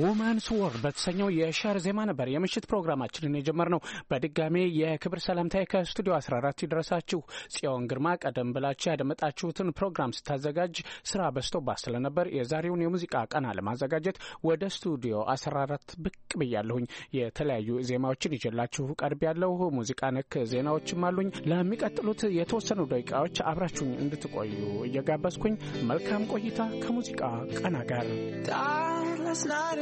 ውመንስ ወር በተሰኘው የሸር ዜማ ነበር የምሽት ፕሮግራማችንን የጀመርነው። በድጋሜ የክብር ሰላምታዬ ከስቱዲዮ 14 ይድረሳችሁ። ጽዮን ግርማ ቀደም ብላችሁ ያደመጣችሁትን ፕሮግራም ስታዘጋጅ ስራ በስቶባ ስለነበር የዛሬውን የሙዚቃ ቀና ለማዘጋጀት ወደ ስቱዲዮ 14 ብቅ ብያለሁኝ። የተለያዩ ዜማዎችን ይዤላችሁ ቀርብ ያለው ሙዚቃ ነክ ዜናዎችም አሉኝ። ለሚቀጥሉት የተወሰኑ ደቂቃዎች አብራችሁኝ እንድትቆዩ እየጋበዝኩኝ መልካም ቆይታ ከሙዚቃ ቀና ጋር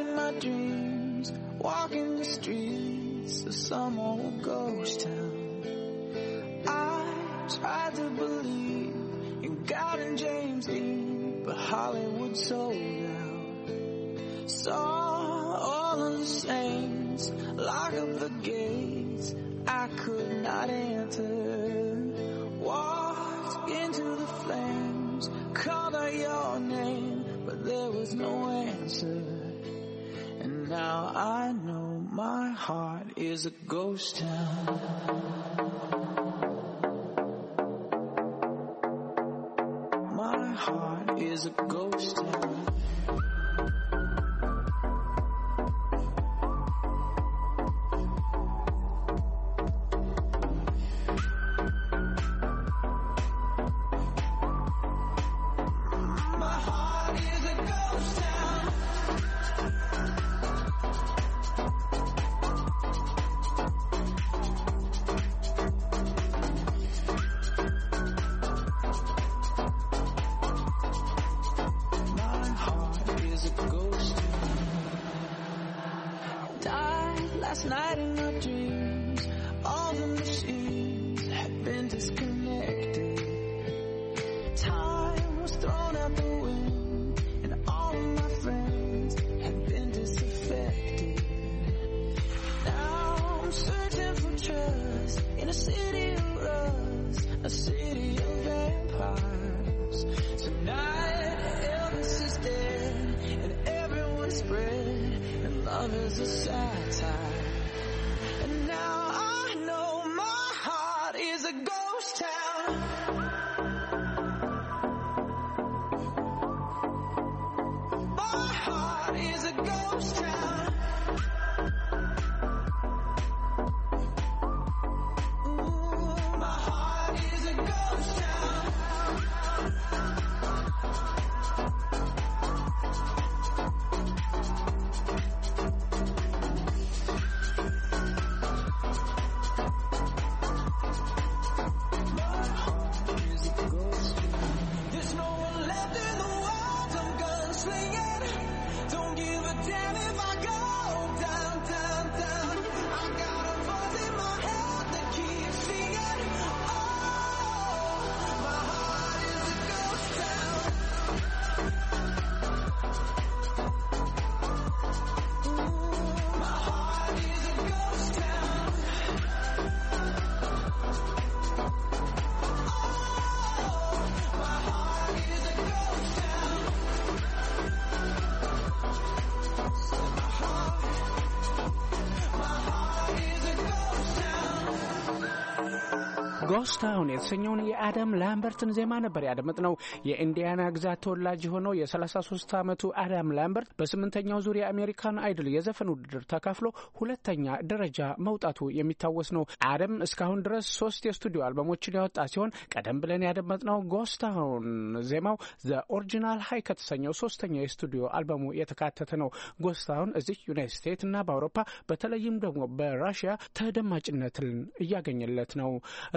in my dreams, walking the streets of some old ghost town. I tried to believe in God and James Dean, but Hollywood sold out. Saw all of the saints lock up the gates I could not enter. Walked into the flames, called out your name, but there was no answer. Now I know my heart is a ghost town. My heart is a ghost town. My heart is a ghost town. last night in the uh, ጎስታውን የተሰኘውን የአደም ላምበርትን ዜማ ነበር ያደመጥ ነው። የኢንዲያና ግዛት ተወላጅ የሆነው የ33 ዓመቱ አዳም ላምበርት በስምንተኛው ዙር የአሜሪካን አይድል የዘፈን ውድድር ተካፍሎ ሁለተኛ ደረጃ መውጣቱ የሚታወስ ነው። አደም እስካሁን ድረስ ሶስት የስቱዲዮ አልበሞችን ያወጣ ሲሆን ቀደም ብለን ያደመጥነው ጎስታውን ዜማው ዘ ኦሪጂናል ሀይ ከተሰኘው ሶስተኛ የስቱዲዮ አልበሙ የተካተተ ነው። ጎስታውን እዚህ ዩናይት ስቴትስ እና በአውሮፓ በተለይም ደግሞ በራሽያ ተደማጭነትን እያገኘለት ነው።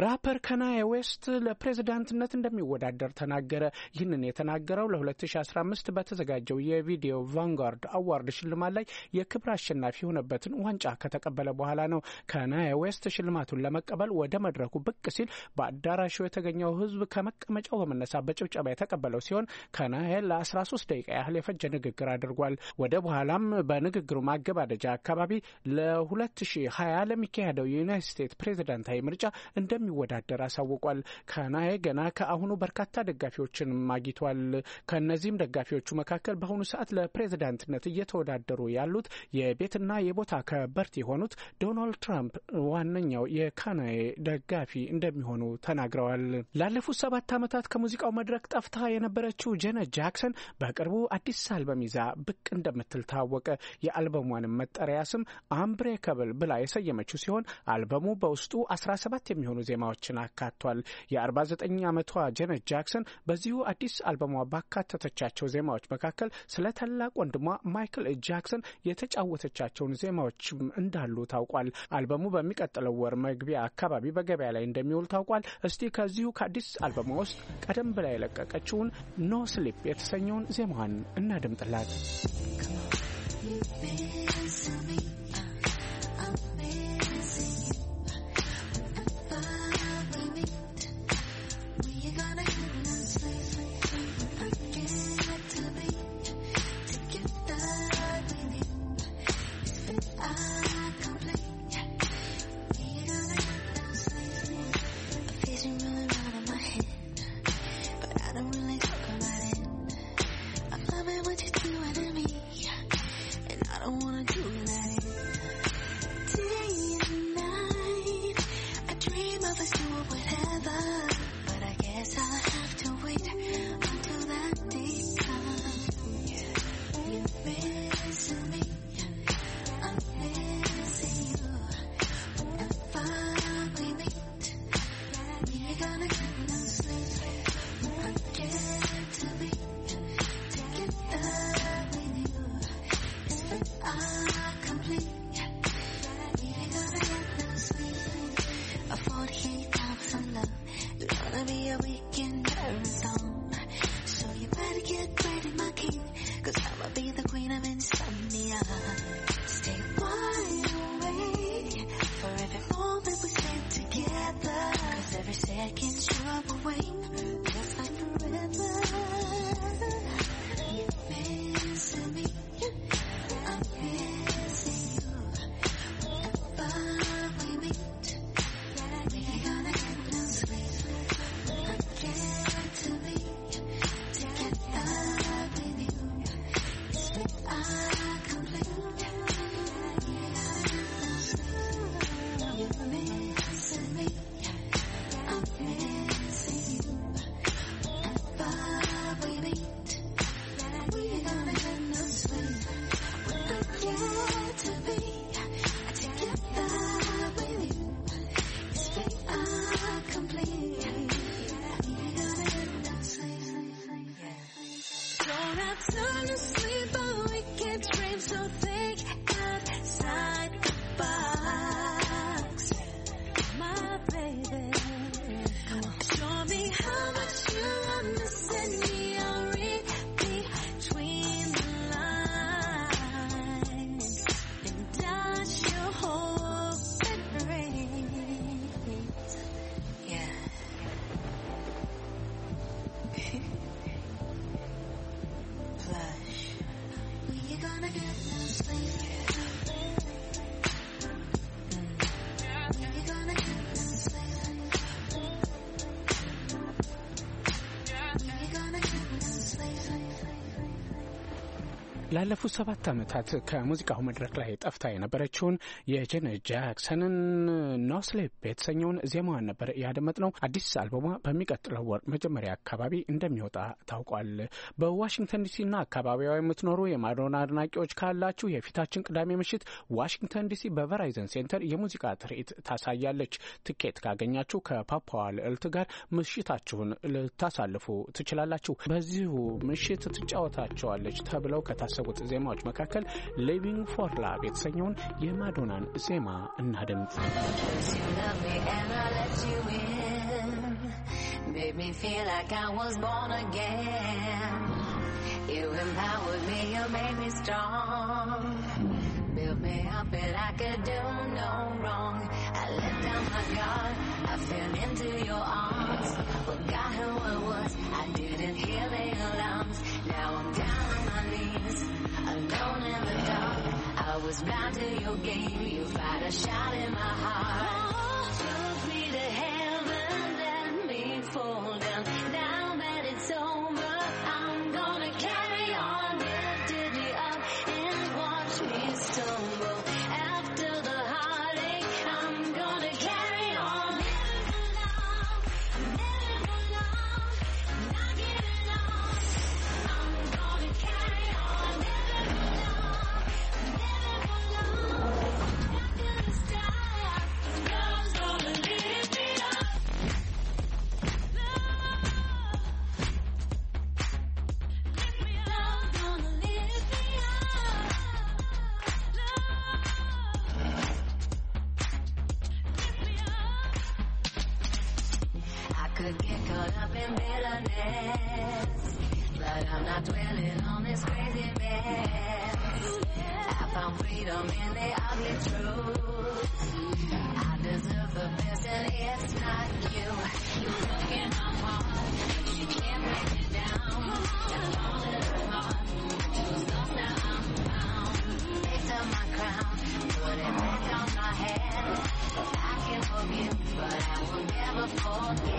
ራፕ ሀፐር ከናየ ዌስት ለፕሬዝዳንትነት እንደሚወዳደር ተናገረ። ይህንን የተናገረው ለ2015 በተዘጋጀው የቪዲዮ ቫንጋርድ አዋርድ ሽልማት ላይ የክብር አሸናፊ የሆነበትን ዋንጫ ከተቀበለ በኋላ ነው። ከናየ ዌስት ሽልማቱን ለመቀበል ወደ መድረኩ ብቅ ሲል በአዳራሹ የተገኘው ህዝብ ከመቀመጫው በመነሳት በጭብጨባ የተቀበለው ሲሆን ከናየ ለ13 ደቂቃ ያህል የፈጀ ንግግር አድርጓል። ወደ በኋላም በንግግሩ ማገባደጃ አካባቢ ለ2020 ለሚካሄደው የዩናይትድ ስቴትስ ፕሬዝዳንታዊ ምርጫ እንደሚወዳ እንደሚወዳደር አሳውቋል። ካናዬ ገና ከአሁኑ በርካታ ደጋፊዎችን አግኝቷል። ከእነዚህም ደጋፊዎቹ መካከል በአሁኑ ሰዓት ለፕሬዝዳንትነት እየተወዳደሩ ያሉት የቤትና የቦታ ከበርት የሆኑት ዶናልድ ትራምፕ ዋነኛው የካናዬ ደጋፊ እንደሚሆኑ ተናግረዋል። ላለፉት ሰባት ዓመታት ከሙዚቃው መድረክ ጠፍታ የነበረችው ጀነት ጃክሰን በቅርቡ አዲስ አልበም ይዛ ብቅ እንደምትል ታወቀ። የአልበሟንም መጠሪያ ስም አምብሬከብል ብላ የሰየመችው ሲሆን አልበሙ በውስጡ 17 የሚሆኑ ዜማዎች ዜማዎችን አካቷል። የ49 ዓመቷ ጀነት ጃክሰን በዚሁ አዲስ አልበሟ ባካተተቻቸው ዜማዎች መካከል ስለ ታላቅ ወንድሟ ማይክል ጃክሰን የተጫወተቻቸውን ዜማዎችም እንዳሉ ታውቋል። አልበሙ በሚቀጥለው ወር መግቢያ አካባቢ በገበያ ላይ እንደሚውል ታውቋል። እስቲ ከዚሁ ከአዲስ አልበሟ ውስጥ ቀደም ብላ የለቀቀችውን ኖ ስሊፕ የተሰኘውን ዜማዋን እናድምጥላት። ላለፉት ሰባት ዓመታት ከሙዚቃው መድረክ ላይ ጠፍታ የነበረችውን የጄኔት ጃክሰንን ኖ የተሰኘውን ዜማዋን ነበር ያደመጥነው። አዲስ አልበሟ በሚቀጥለው ወር መጀመሪያ አካባቢ እንደሚወጣ ታውቋል። በዋሽንግተን ዲሲና አካባቢዋ የምትኖሩ የማዶና አድናቂዎች ካላችሁ የፊታችን ቅዳሜ ምሽት ዋሽንግተን ዲሲ በቨራይዘን ሴንተር የሙዚቃ ትርኢት ታሳያለች። ትኬት ካገኛችሁ ከፓፓዋ ልዕልት ጋር ምሽታችሁን ልታሳልፉ ትችላላችሁ። በዚሁ ምሽት ትጫወታቸዋለች ተብለው ከታሰቡ ከተጫወቱት ዜማዎች መካከል ሊቪንግ ፎር ላቭ የተሰኘውን የማዶናን ዜማ Made me feel like I was born again. You empowered me, you made me strong. Built me up and I could do no wrong. I let down my guard, I fell into your arms. Forgot who I was, I didn't hear the alarms. Now I'm down. Alone in the dark, I was blind to your game. You fired a shot in my heart. Oh, took me to heaven, that me for afford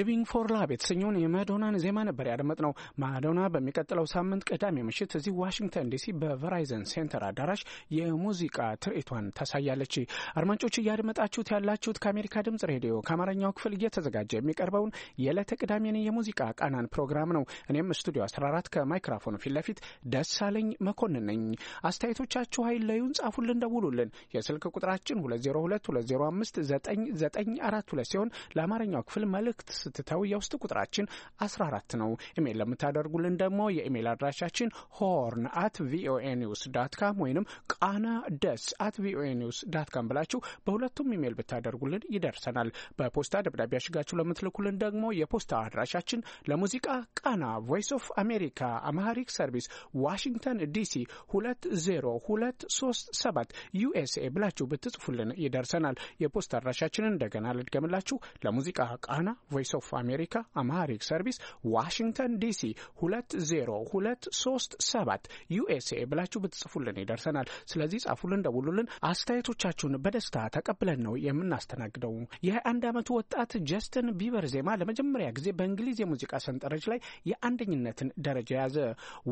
ቤቢንግ ፎር ላቭ የተሰኘውን የማዶናን ዜማ ነበር ያደመጥነው። ማዶና በሚቀጥለው ሳምንት ቅዳሜ ምሽት እዚህ ዋሽንግተን ዲሲ በቨራይዘን ሴንተር አዳራሽ የሙዚቃ ትርኢቷን ታሳያለች። አድማጮች እያደመጣችሁት ያላችሁት ከአሜሪካ ድምጽ ሬዲዮ ከአማርኛው ክፍል እየተዘጋጀ የሚቀርበውን የዕለተ ቅዳሜን የሙዚቃ ቃናን ፕሮግራም ነው። እኔም ስቱዲዮ 14 ከማይክሮፎኑ ፊት ለፊት ደሳለኝ መኮንን ነኝ። አስተያየቶቻችሁ አይለዩን፣ ጻፉልን፣ ደውሉልን። የስልክ ቁጥራችን 2022059942 ሲሆን ለአማርኛው ክፍል መልእክት ስትተው የውስጥ ቁጥራችን 14 ነው። ኢሜይል ለምታደርጉልን ደግሞ የኢሜይል አድራሻችን ሆርን አት ቪኦኤ ኒውስ ዳት ካም ወይንም ቃና ደስ አት ቪኦኤ ኒውስ ዳት ካም ብላችሁ በሁለቱም ኢሜይል ብታደርጉልን ይደርሰናል። በፖስታ ደብዳቤ ያሽጋችሁ ለምትልኩልን ደግሞ የፖስታ አድራሻችን ለሙዚቃ ቃና ቮይስ ኦፍ አሜሪካ አማሃሪክ ሰርቪስ ዋሽንግተን ዲሲ 20237 ዩኤስኤ ብላችሁ ብትጽፉልን ይደርሰናል። የፖስታ አድራሻችንን እንደገና ልድገምላችሁ። ለሙዚቃ ቃና ቮይስ ኦፍ አሜሪካ አማሪክ ሰርቪስ ዋሽንግተን ዲሲ 20237 ዩኤስኤ ብላችሁ ብትጽፉልን ይደርሰናል። ስለዚህ ጻፉልን፣ ደውሉልን። አስተያየቶቻችሁን በደስታ ተቀብለን ነው የምናስተናግደው። የአንድ ዓመቱ ወጣት ጀስትን ቢበር ዜማ ለመጀመሪያ ጊዜ በእንግሊዝ የሙዚቃ ሰንጠረዥ ላይ የአንደኝነትን ደረጃ ያዘ።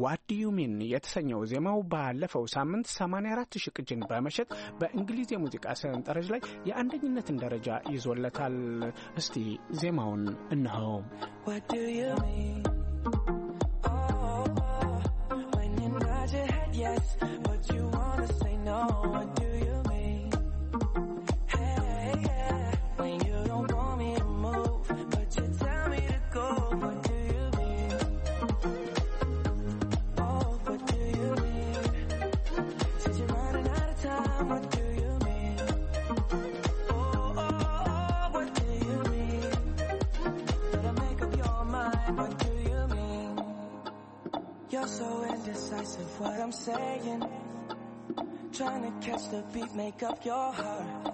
ዋት ዩ ሚን የተሰኘው ዜማው ባለፈው ሳምንት 84 ሽቅጅን በመሸጥ በእንግሊዝ የሙዚቃ ሰንጠረዥ ላይ የአንደኝነትን ደረጃ ይዞለታል። እስቲ ዜማውን and home. What do you mean? Oh, oh, oh. when you nod your head yes. You're so indecisive what I'm saying Trying to catch the beat, make up your heart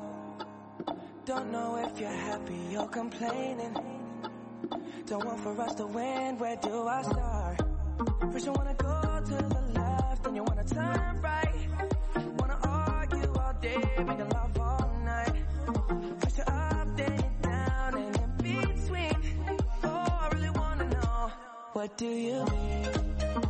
Don't know if you're happy or complaining Don't want for us to win, where do I start? First you wanna go to the left, then you wanna turn right Wanna argue all day, making love all night First you're up, then you're down, and in between Oh, I really wanna know, what do you mean?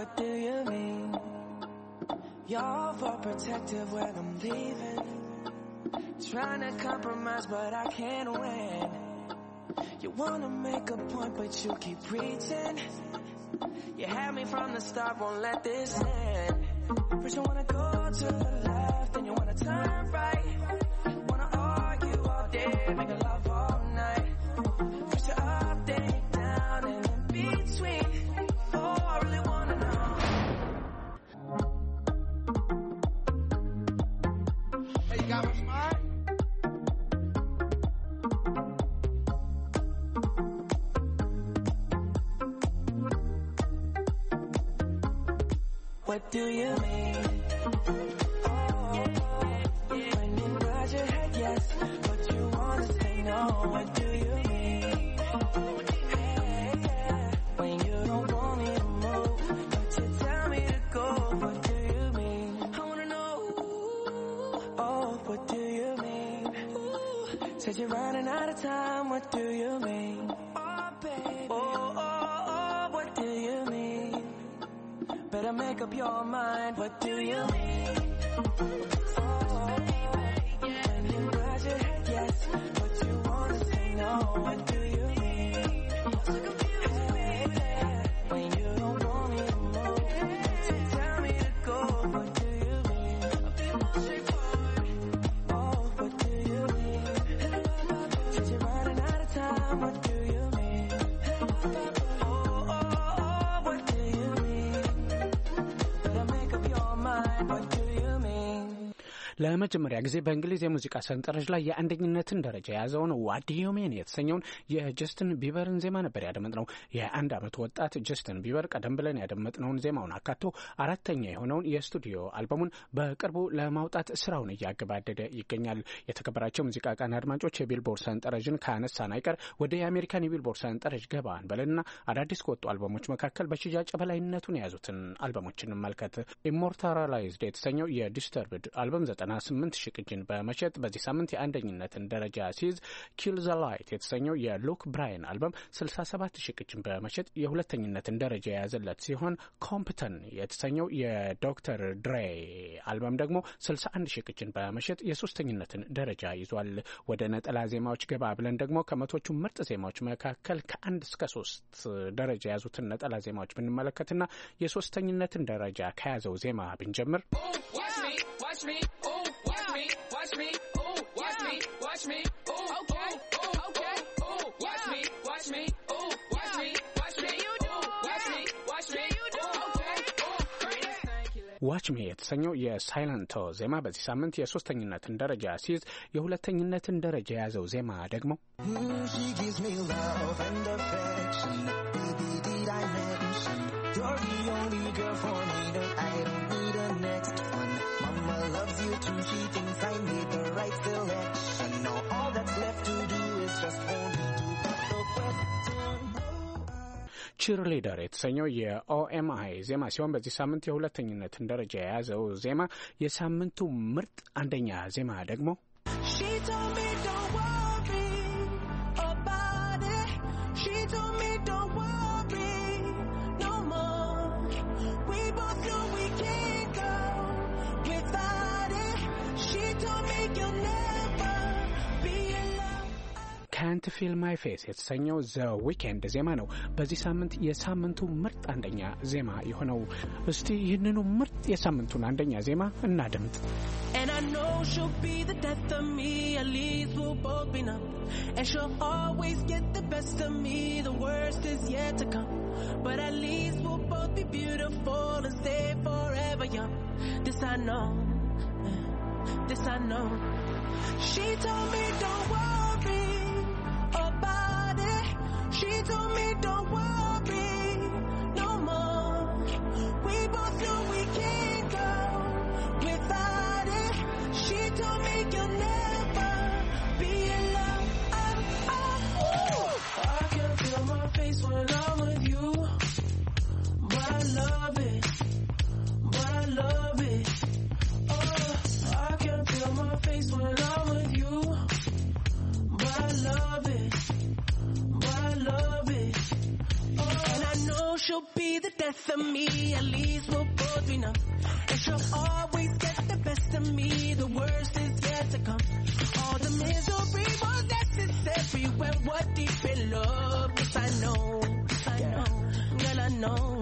what do you mean? Y'all for protective when I'm leaving. Trying to compromise, but I can't win. You wanna make a point, but you keep preaching. You had me from the start, won't let this end. First you wanna go to the left, then you wanna turn right. do you mean? Oh, yeah, yeah. when you nod your head yes, but you wanna say no. What do you mean? when you don't want me to move, but you tell me to go. What do you mean? I wanna know. Oh, what do you mean? Said you're running out of time. your ለመጀመሪያ ጊዜ በእንግሊዝ የሙዚቃ ሰንጠረዥ ላይ የአንደኝነትን ደረጃ የያዘውን ዋዲዮሜን የተሰኘውን የጀስትን ቢበርን ዜማ ነበር ያደመጥነው። የአንድ ዓመት ወጣት ጀስትን ቢበር ቀደም ብለን ያደመጥነውን ዜማውን አካቶ አራተኛ የሆነውን የስቱዲዮ አልበሙን በቅርቡ ለማውጣት ስራውን እያገባደደ ይገኛል። የተከበራቸው ሙዚቃ ቀን አድማጮች የቢልቦርድ ሰንጠረዥን ከአነሳን አይቀር ወደ የአሜሪካን የቢልቦርድ ሰንጠረዥ ገባን በለንና አዳዲስ ከወጡ አልበሞች መካከል በሽያጭ በላይነቱን የያዙትን አልበሞች እንመልከት። ኢሞርታላይዝድ የተሰኘው የዲስተርብድ አልበም ዘጠና 98 ሽቅጅን ቅጂን በመሸጥ በዚህ ሳምንት የአንደኝነትን ደረጃ ሲይዝ ኪል ዘ ላይት የተሰኘው የሉክ ብራይን አልበም 67 ት ቅጂን በመሸጥ የሁለተኝነትን ደረጃ የያዘለት ሲሆን ኮምፕተን የተሰኘው የዶክተር ድሬ አልበም ደግሞ 61 ሺህ ቅጂን በመሸጥ የሶስተኝነትን ደረጃ ይዟል። ወደ ነጠላ ዜማዎች ገባ ብለን ደግሞ ከመቶቹ ምርጥ ዜማዎች መካከል ከአንድ እስከ ሶስት ደረጃ የያዙትን ነጠላ ዜማዎች ብንመለከትና የሶስተኝነትን ደረጃ ከያዘው ዜማ ብንጀምር oh, oh, ዋች ሜ የተሰኘው የሳይለንቶ ዜማ በዚህ ሳምንት የሶስተኝነትን ደረጃ ሲይዝ የሁለተኝነትን ደረጃ የያዘው ዜማ ደግሞ ቺር ሊደር የተሰኘው የኦኤምአይ ዜማ ሲሆን በዚህ ሳምንት የሁለተኝነትን ደረጃ የያዘው ዜማ የሳምንቱ ምርጥ አንደኛ ዜማ ደግሞ ካንት ፊል ማይ ፌስ የተሰኘው ዘ ዊኬንድ ዜማ ነው። በዚህ ሳምንት የሳምንቱ ምርጥ አንደኛ ዜማ የሆነው። እስቲ ይህንኑ ምርጥ የሳምንቱን አንደኛ ዜማ እናድምጥ። And I know she'll be the death of me, at least we'll both be numb. And she'll always get the best of me, the worst is yet to come. But at least we'll both be beautiful and stay forever young. This I know, this I know. She told me don't worry. She told me don't worry no more. We both know we can't go without it. She told me. best of me, at least we'll both be numb. And she'll always get the best of me, the worst is yet to come. All the misery was necessary, when we what deep in love, yes I know, yes I know, girl I know.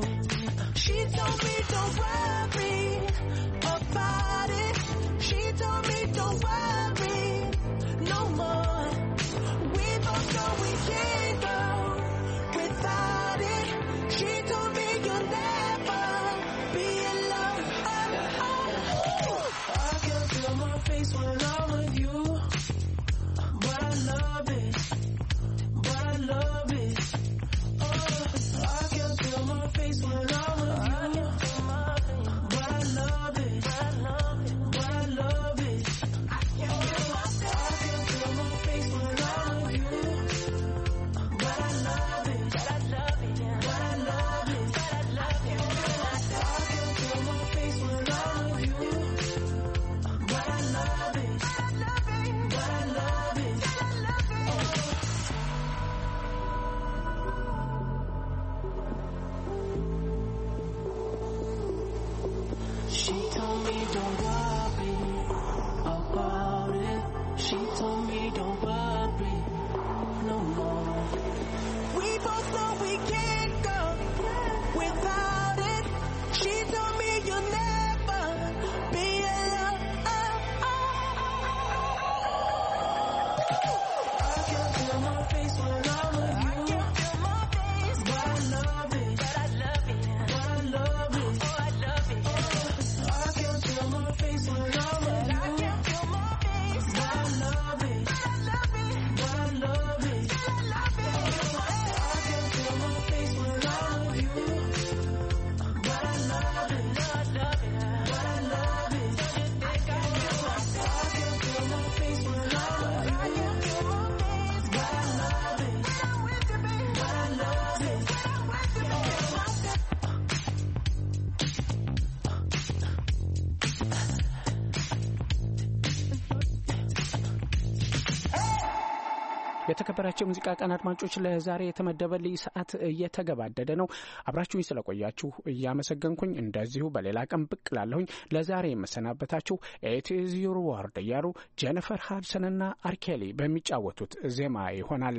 የተከበራቸው የሙዚቃ ቀን አድማጮች ለዛሬ የተመደበልኝ ሰዓት እየተገባደደ ነው። አብራችሁኝ ስለቆያችሁ እያመሰገንኩኝ እንደዚሁ በሌላ ቀን ብቅ ላለሁኝ ለዛሬ የመሰናበታችሁ ኤቲዝ ዩር ወርድ እያሉ ጄኒፈር ሃድሰንና አርኬሊ በሚጫወቱት ዜማ ይሆናል።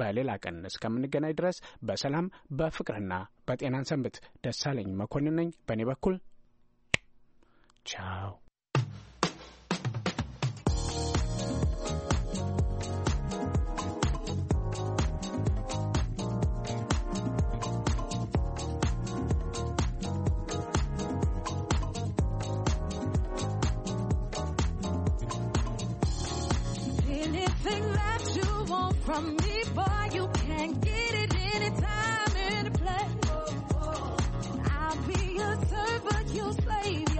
በሌላ ቀን እስከምንገናኝ ድረስ በሰላም በፍቅርና በጤናን ሰንብት። ደሳለኝ መኮንን ነኝ። በእኔ በኩል ቻው። Anything that you want from me, boy, you can get it anytime, any place. I'll be your servant, you slave.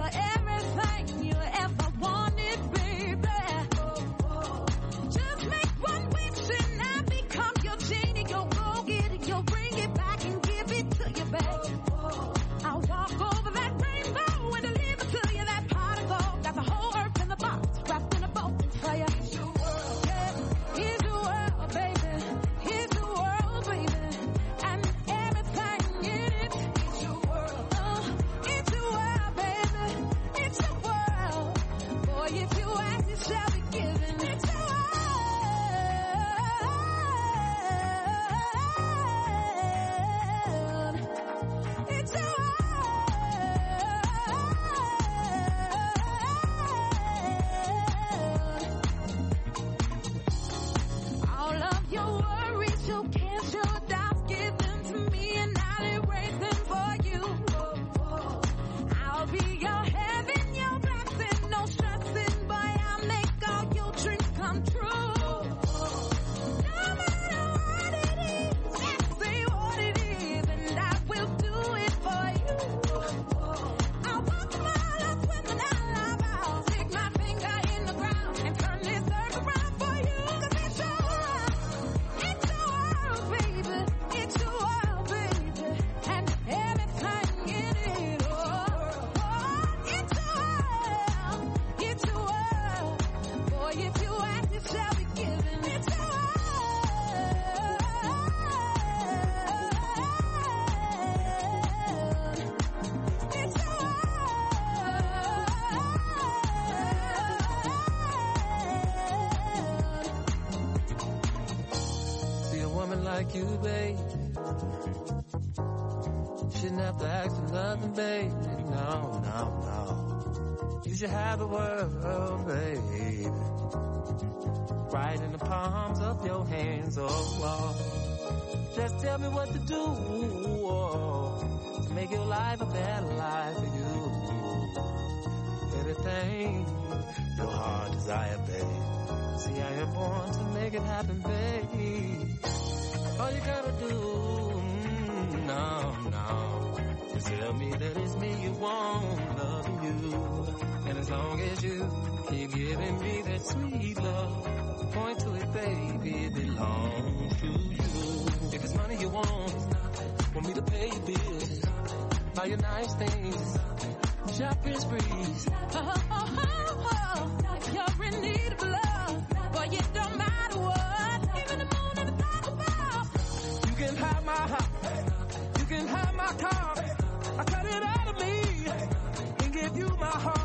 you, baby, Shouldn't have to ask for nothing, baby. No, no, no. You should have the world, baby. Right in the palms of your hands, oh, oh. Just tell me what to do, oh, to make your life a better life for you. Everything your heart desire, baby. See, I am born to make it happen, baby. All you gotta do mm, now, now is tell me that it's me you want, loving you. And as long as you keep giving me that sweet love, point to it, baby, it belongs to you. If it's money you want, want me to pay your bills, buy your nice things, shopping sprees. Oh, oh, oh, oh, you're in need of love. my heart.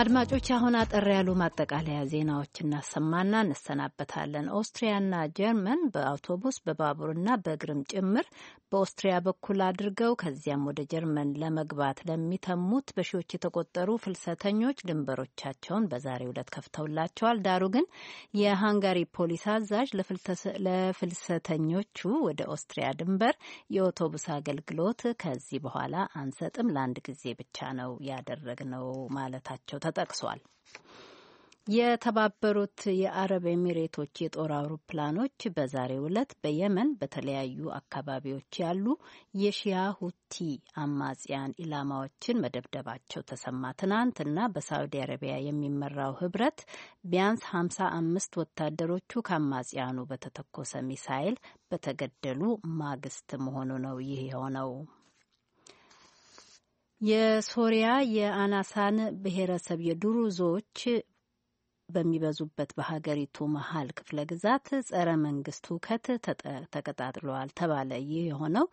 አድማጮች አሁን አጠር ያሉ ማጠቃለያ ዜናዎች እናሰማና እንሰናበታለን። ኦስትሪያና ጀርመን በአውቶቡስ በባቡርና በእግርም ጭምር በኦስትሪያ በኩል አድርገው ከዚያም ወደ ጀርመን ለመግባት ለሚተሙት በሺዎች የተቆጠሩ ፍልሰተኞች ድንበሮቻቸውን በዛሬው ዕለት ከፍተውላቸዋል። ዳሩ ግን የሃንጋሪ ፖሊስ አዛዥ ለፍልሰተኞቹ ወደ ኦስትሪያ ድንበር የአውቶቡስ አገልግሎት ከዚህ በኋላ አንሰጥም፣ ለአንድ ጊዜ ብቻ ነው ያደረግነው ማለታቸው ተጠቅሷል። የተባበሩት የአረብ ኤሚሬቶች የጦር አውሮፕላኖች በዛሬው ዕለት በየመን በተለያዩ አካባቢዎች ያሉ የሺያ ሁቲ አማጽያን ኢላማዎችን መደብደባቸው ተሰማ። ትናንት እና በሳውዲ አረቢያ የሚመራው ህብረት ቢያንስ ሀምሳ አምስት ወታደሮቹ ከአማጽያኑ በተተኮሰ ሚሳይል በተገደሉ ማግስት መሆኑ ነው ይህ የሆነው። የሶሪያ የአናሳን ብሔረሰብ የዱር ዞዎች በሚበዙበት በሀገሪቱ መሀል ክፍለ ግዛት ጸረ መንግስት ሁከት ተቀጣጥለዋል ተባለ። ይህ የሆነው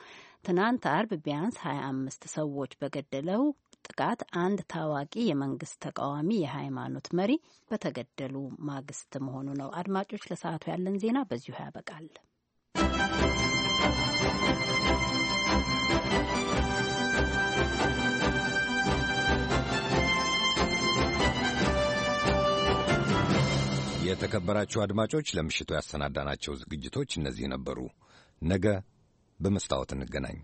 ትናንት አርብ ቢያንስ ሀያ አምስት ሰዎች በገደለው ጥቃት አንድ ታዋቂ የመንግስት ተቃዋሚ የሃይማኖት መሪ በተገደሉ ማግስት መሆኑ ነው። አድማጮች፣ ለሰዓቱ ያለን ዜና በዚሁ ያበቃል። የተከበራችሁ አድማጮች ለምሽቱ ያሰናዳናቸው ዝግጅቶች እነዚህ ነበሩ። ነገ በመስታወት እንገናኝ።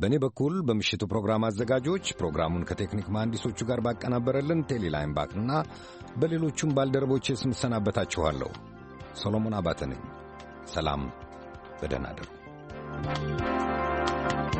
በእኔ በኩል በምሽቱ ፕሮግራም አዘጋጆች ፕሮግራሙን ከቴክኒክ መሐንዲሶቹ ጋር ባቀናበረልን ቴሌላይን ባክና በሌሎቹም ባልደረቦቼ ስም ሰናበታችኋለሁ። ሰሎሞን አባተ ነኝ። ሰላም፣ በደህና you.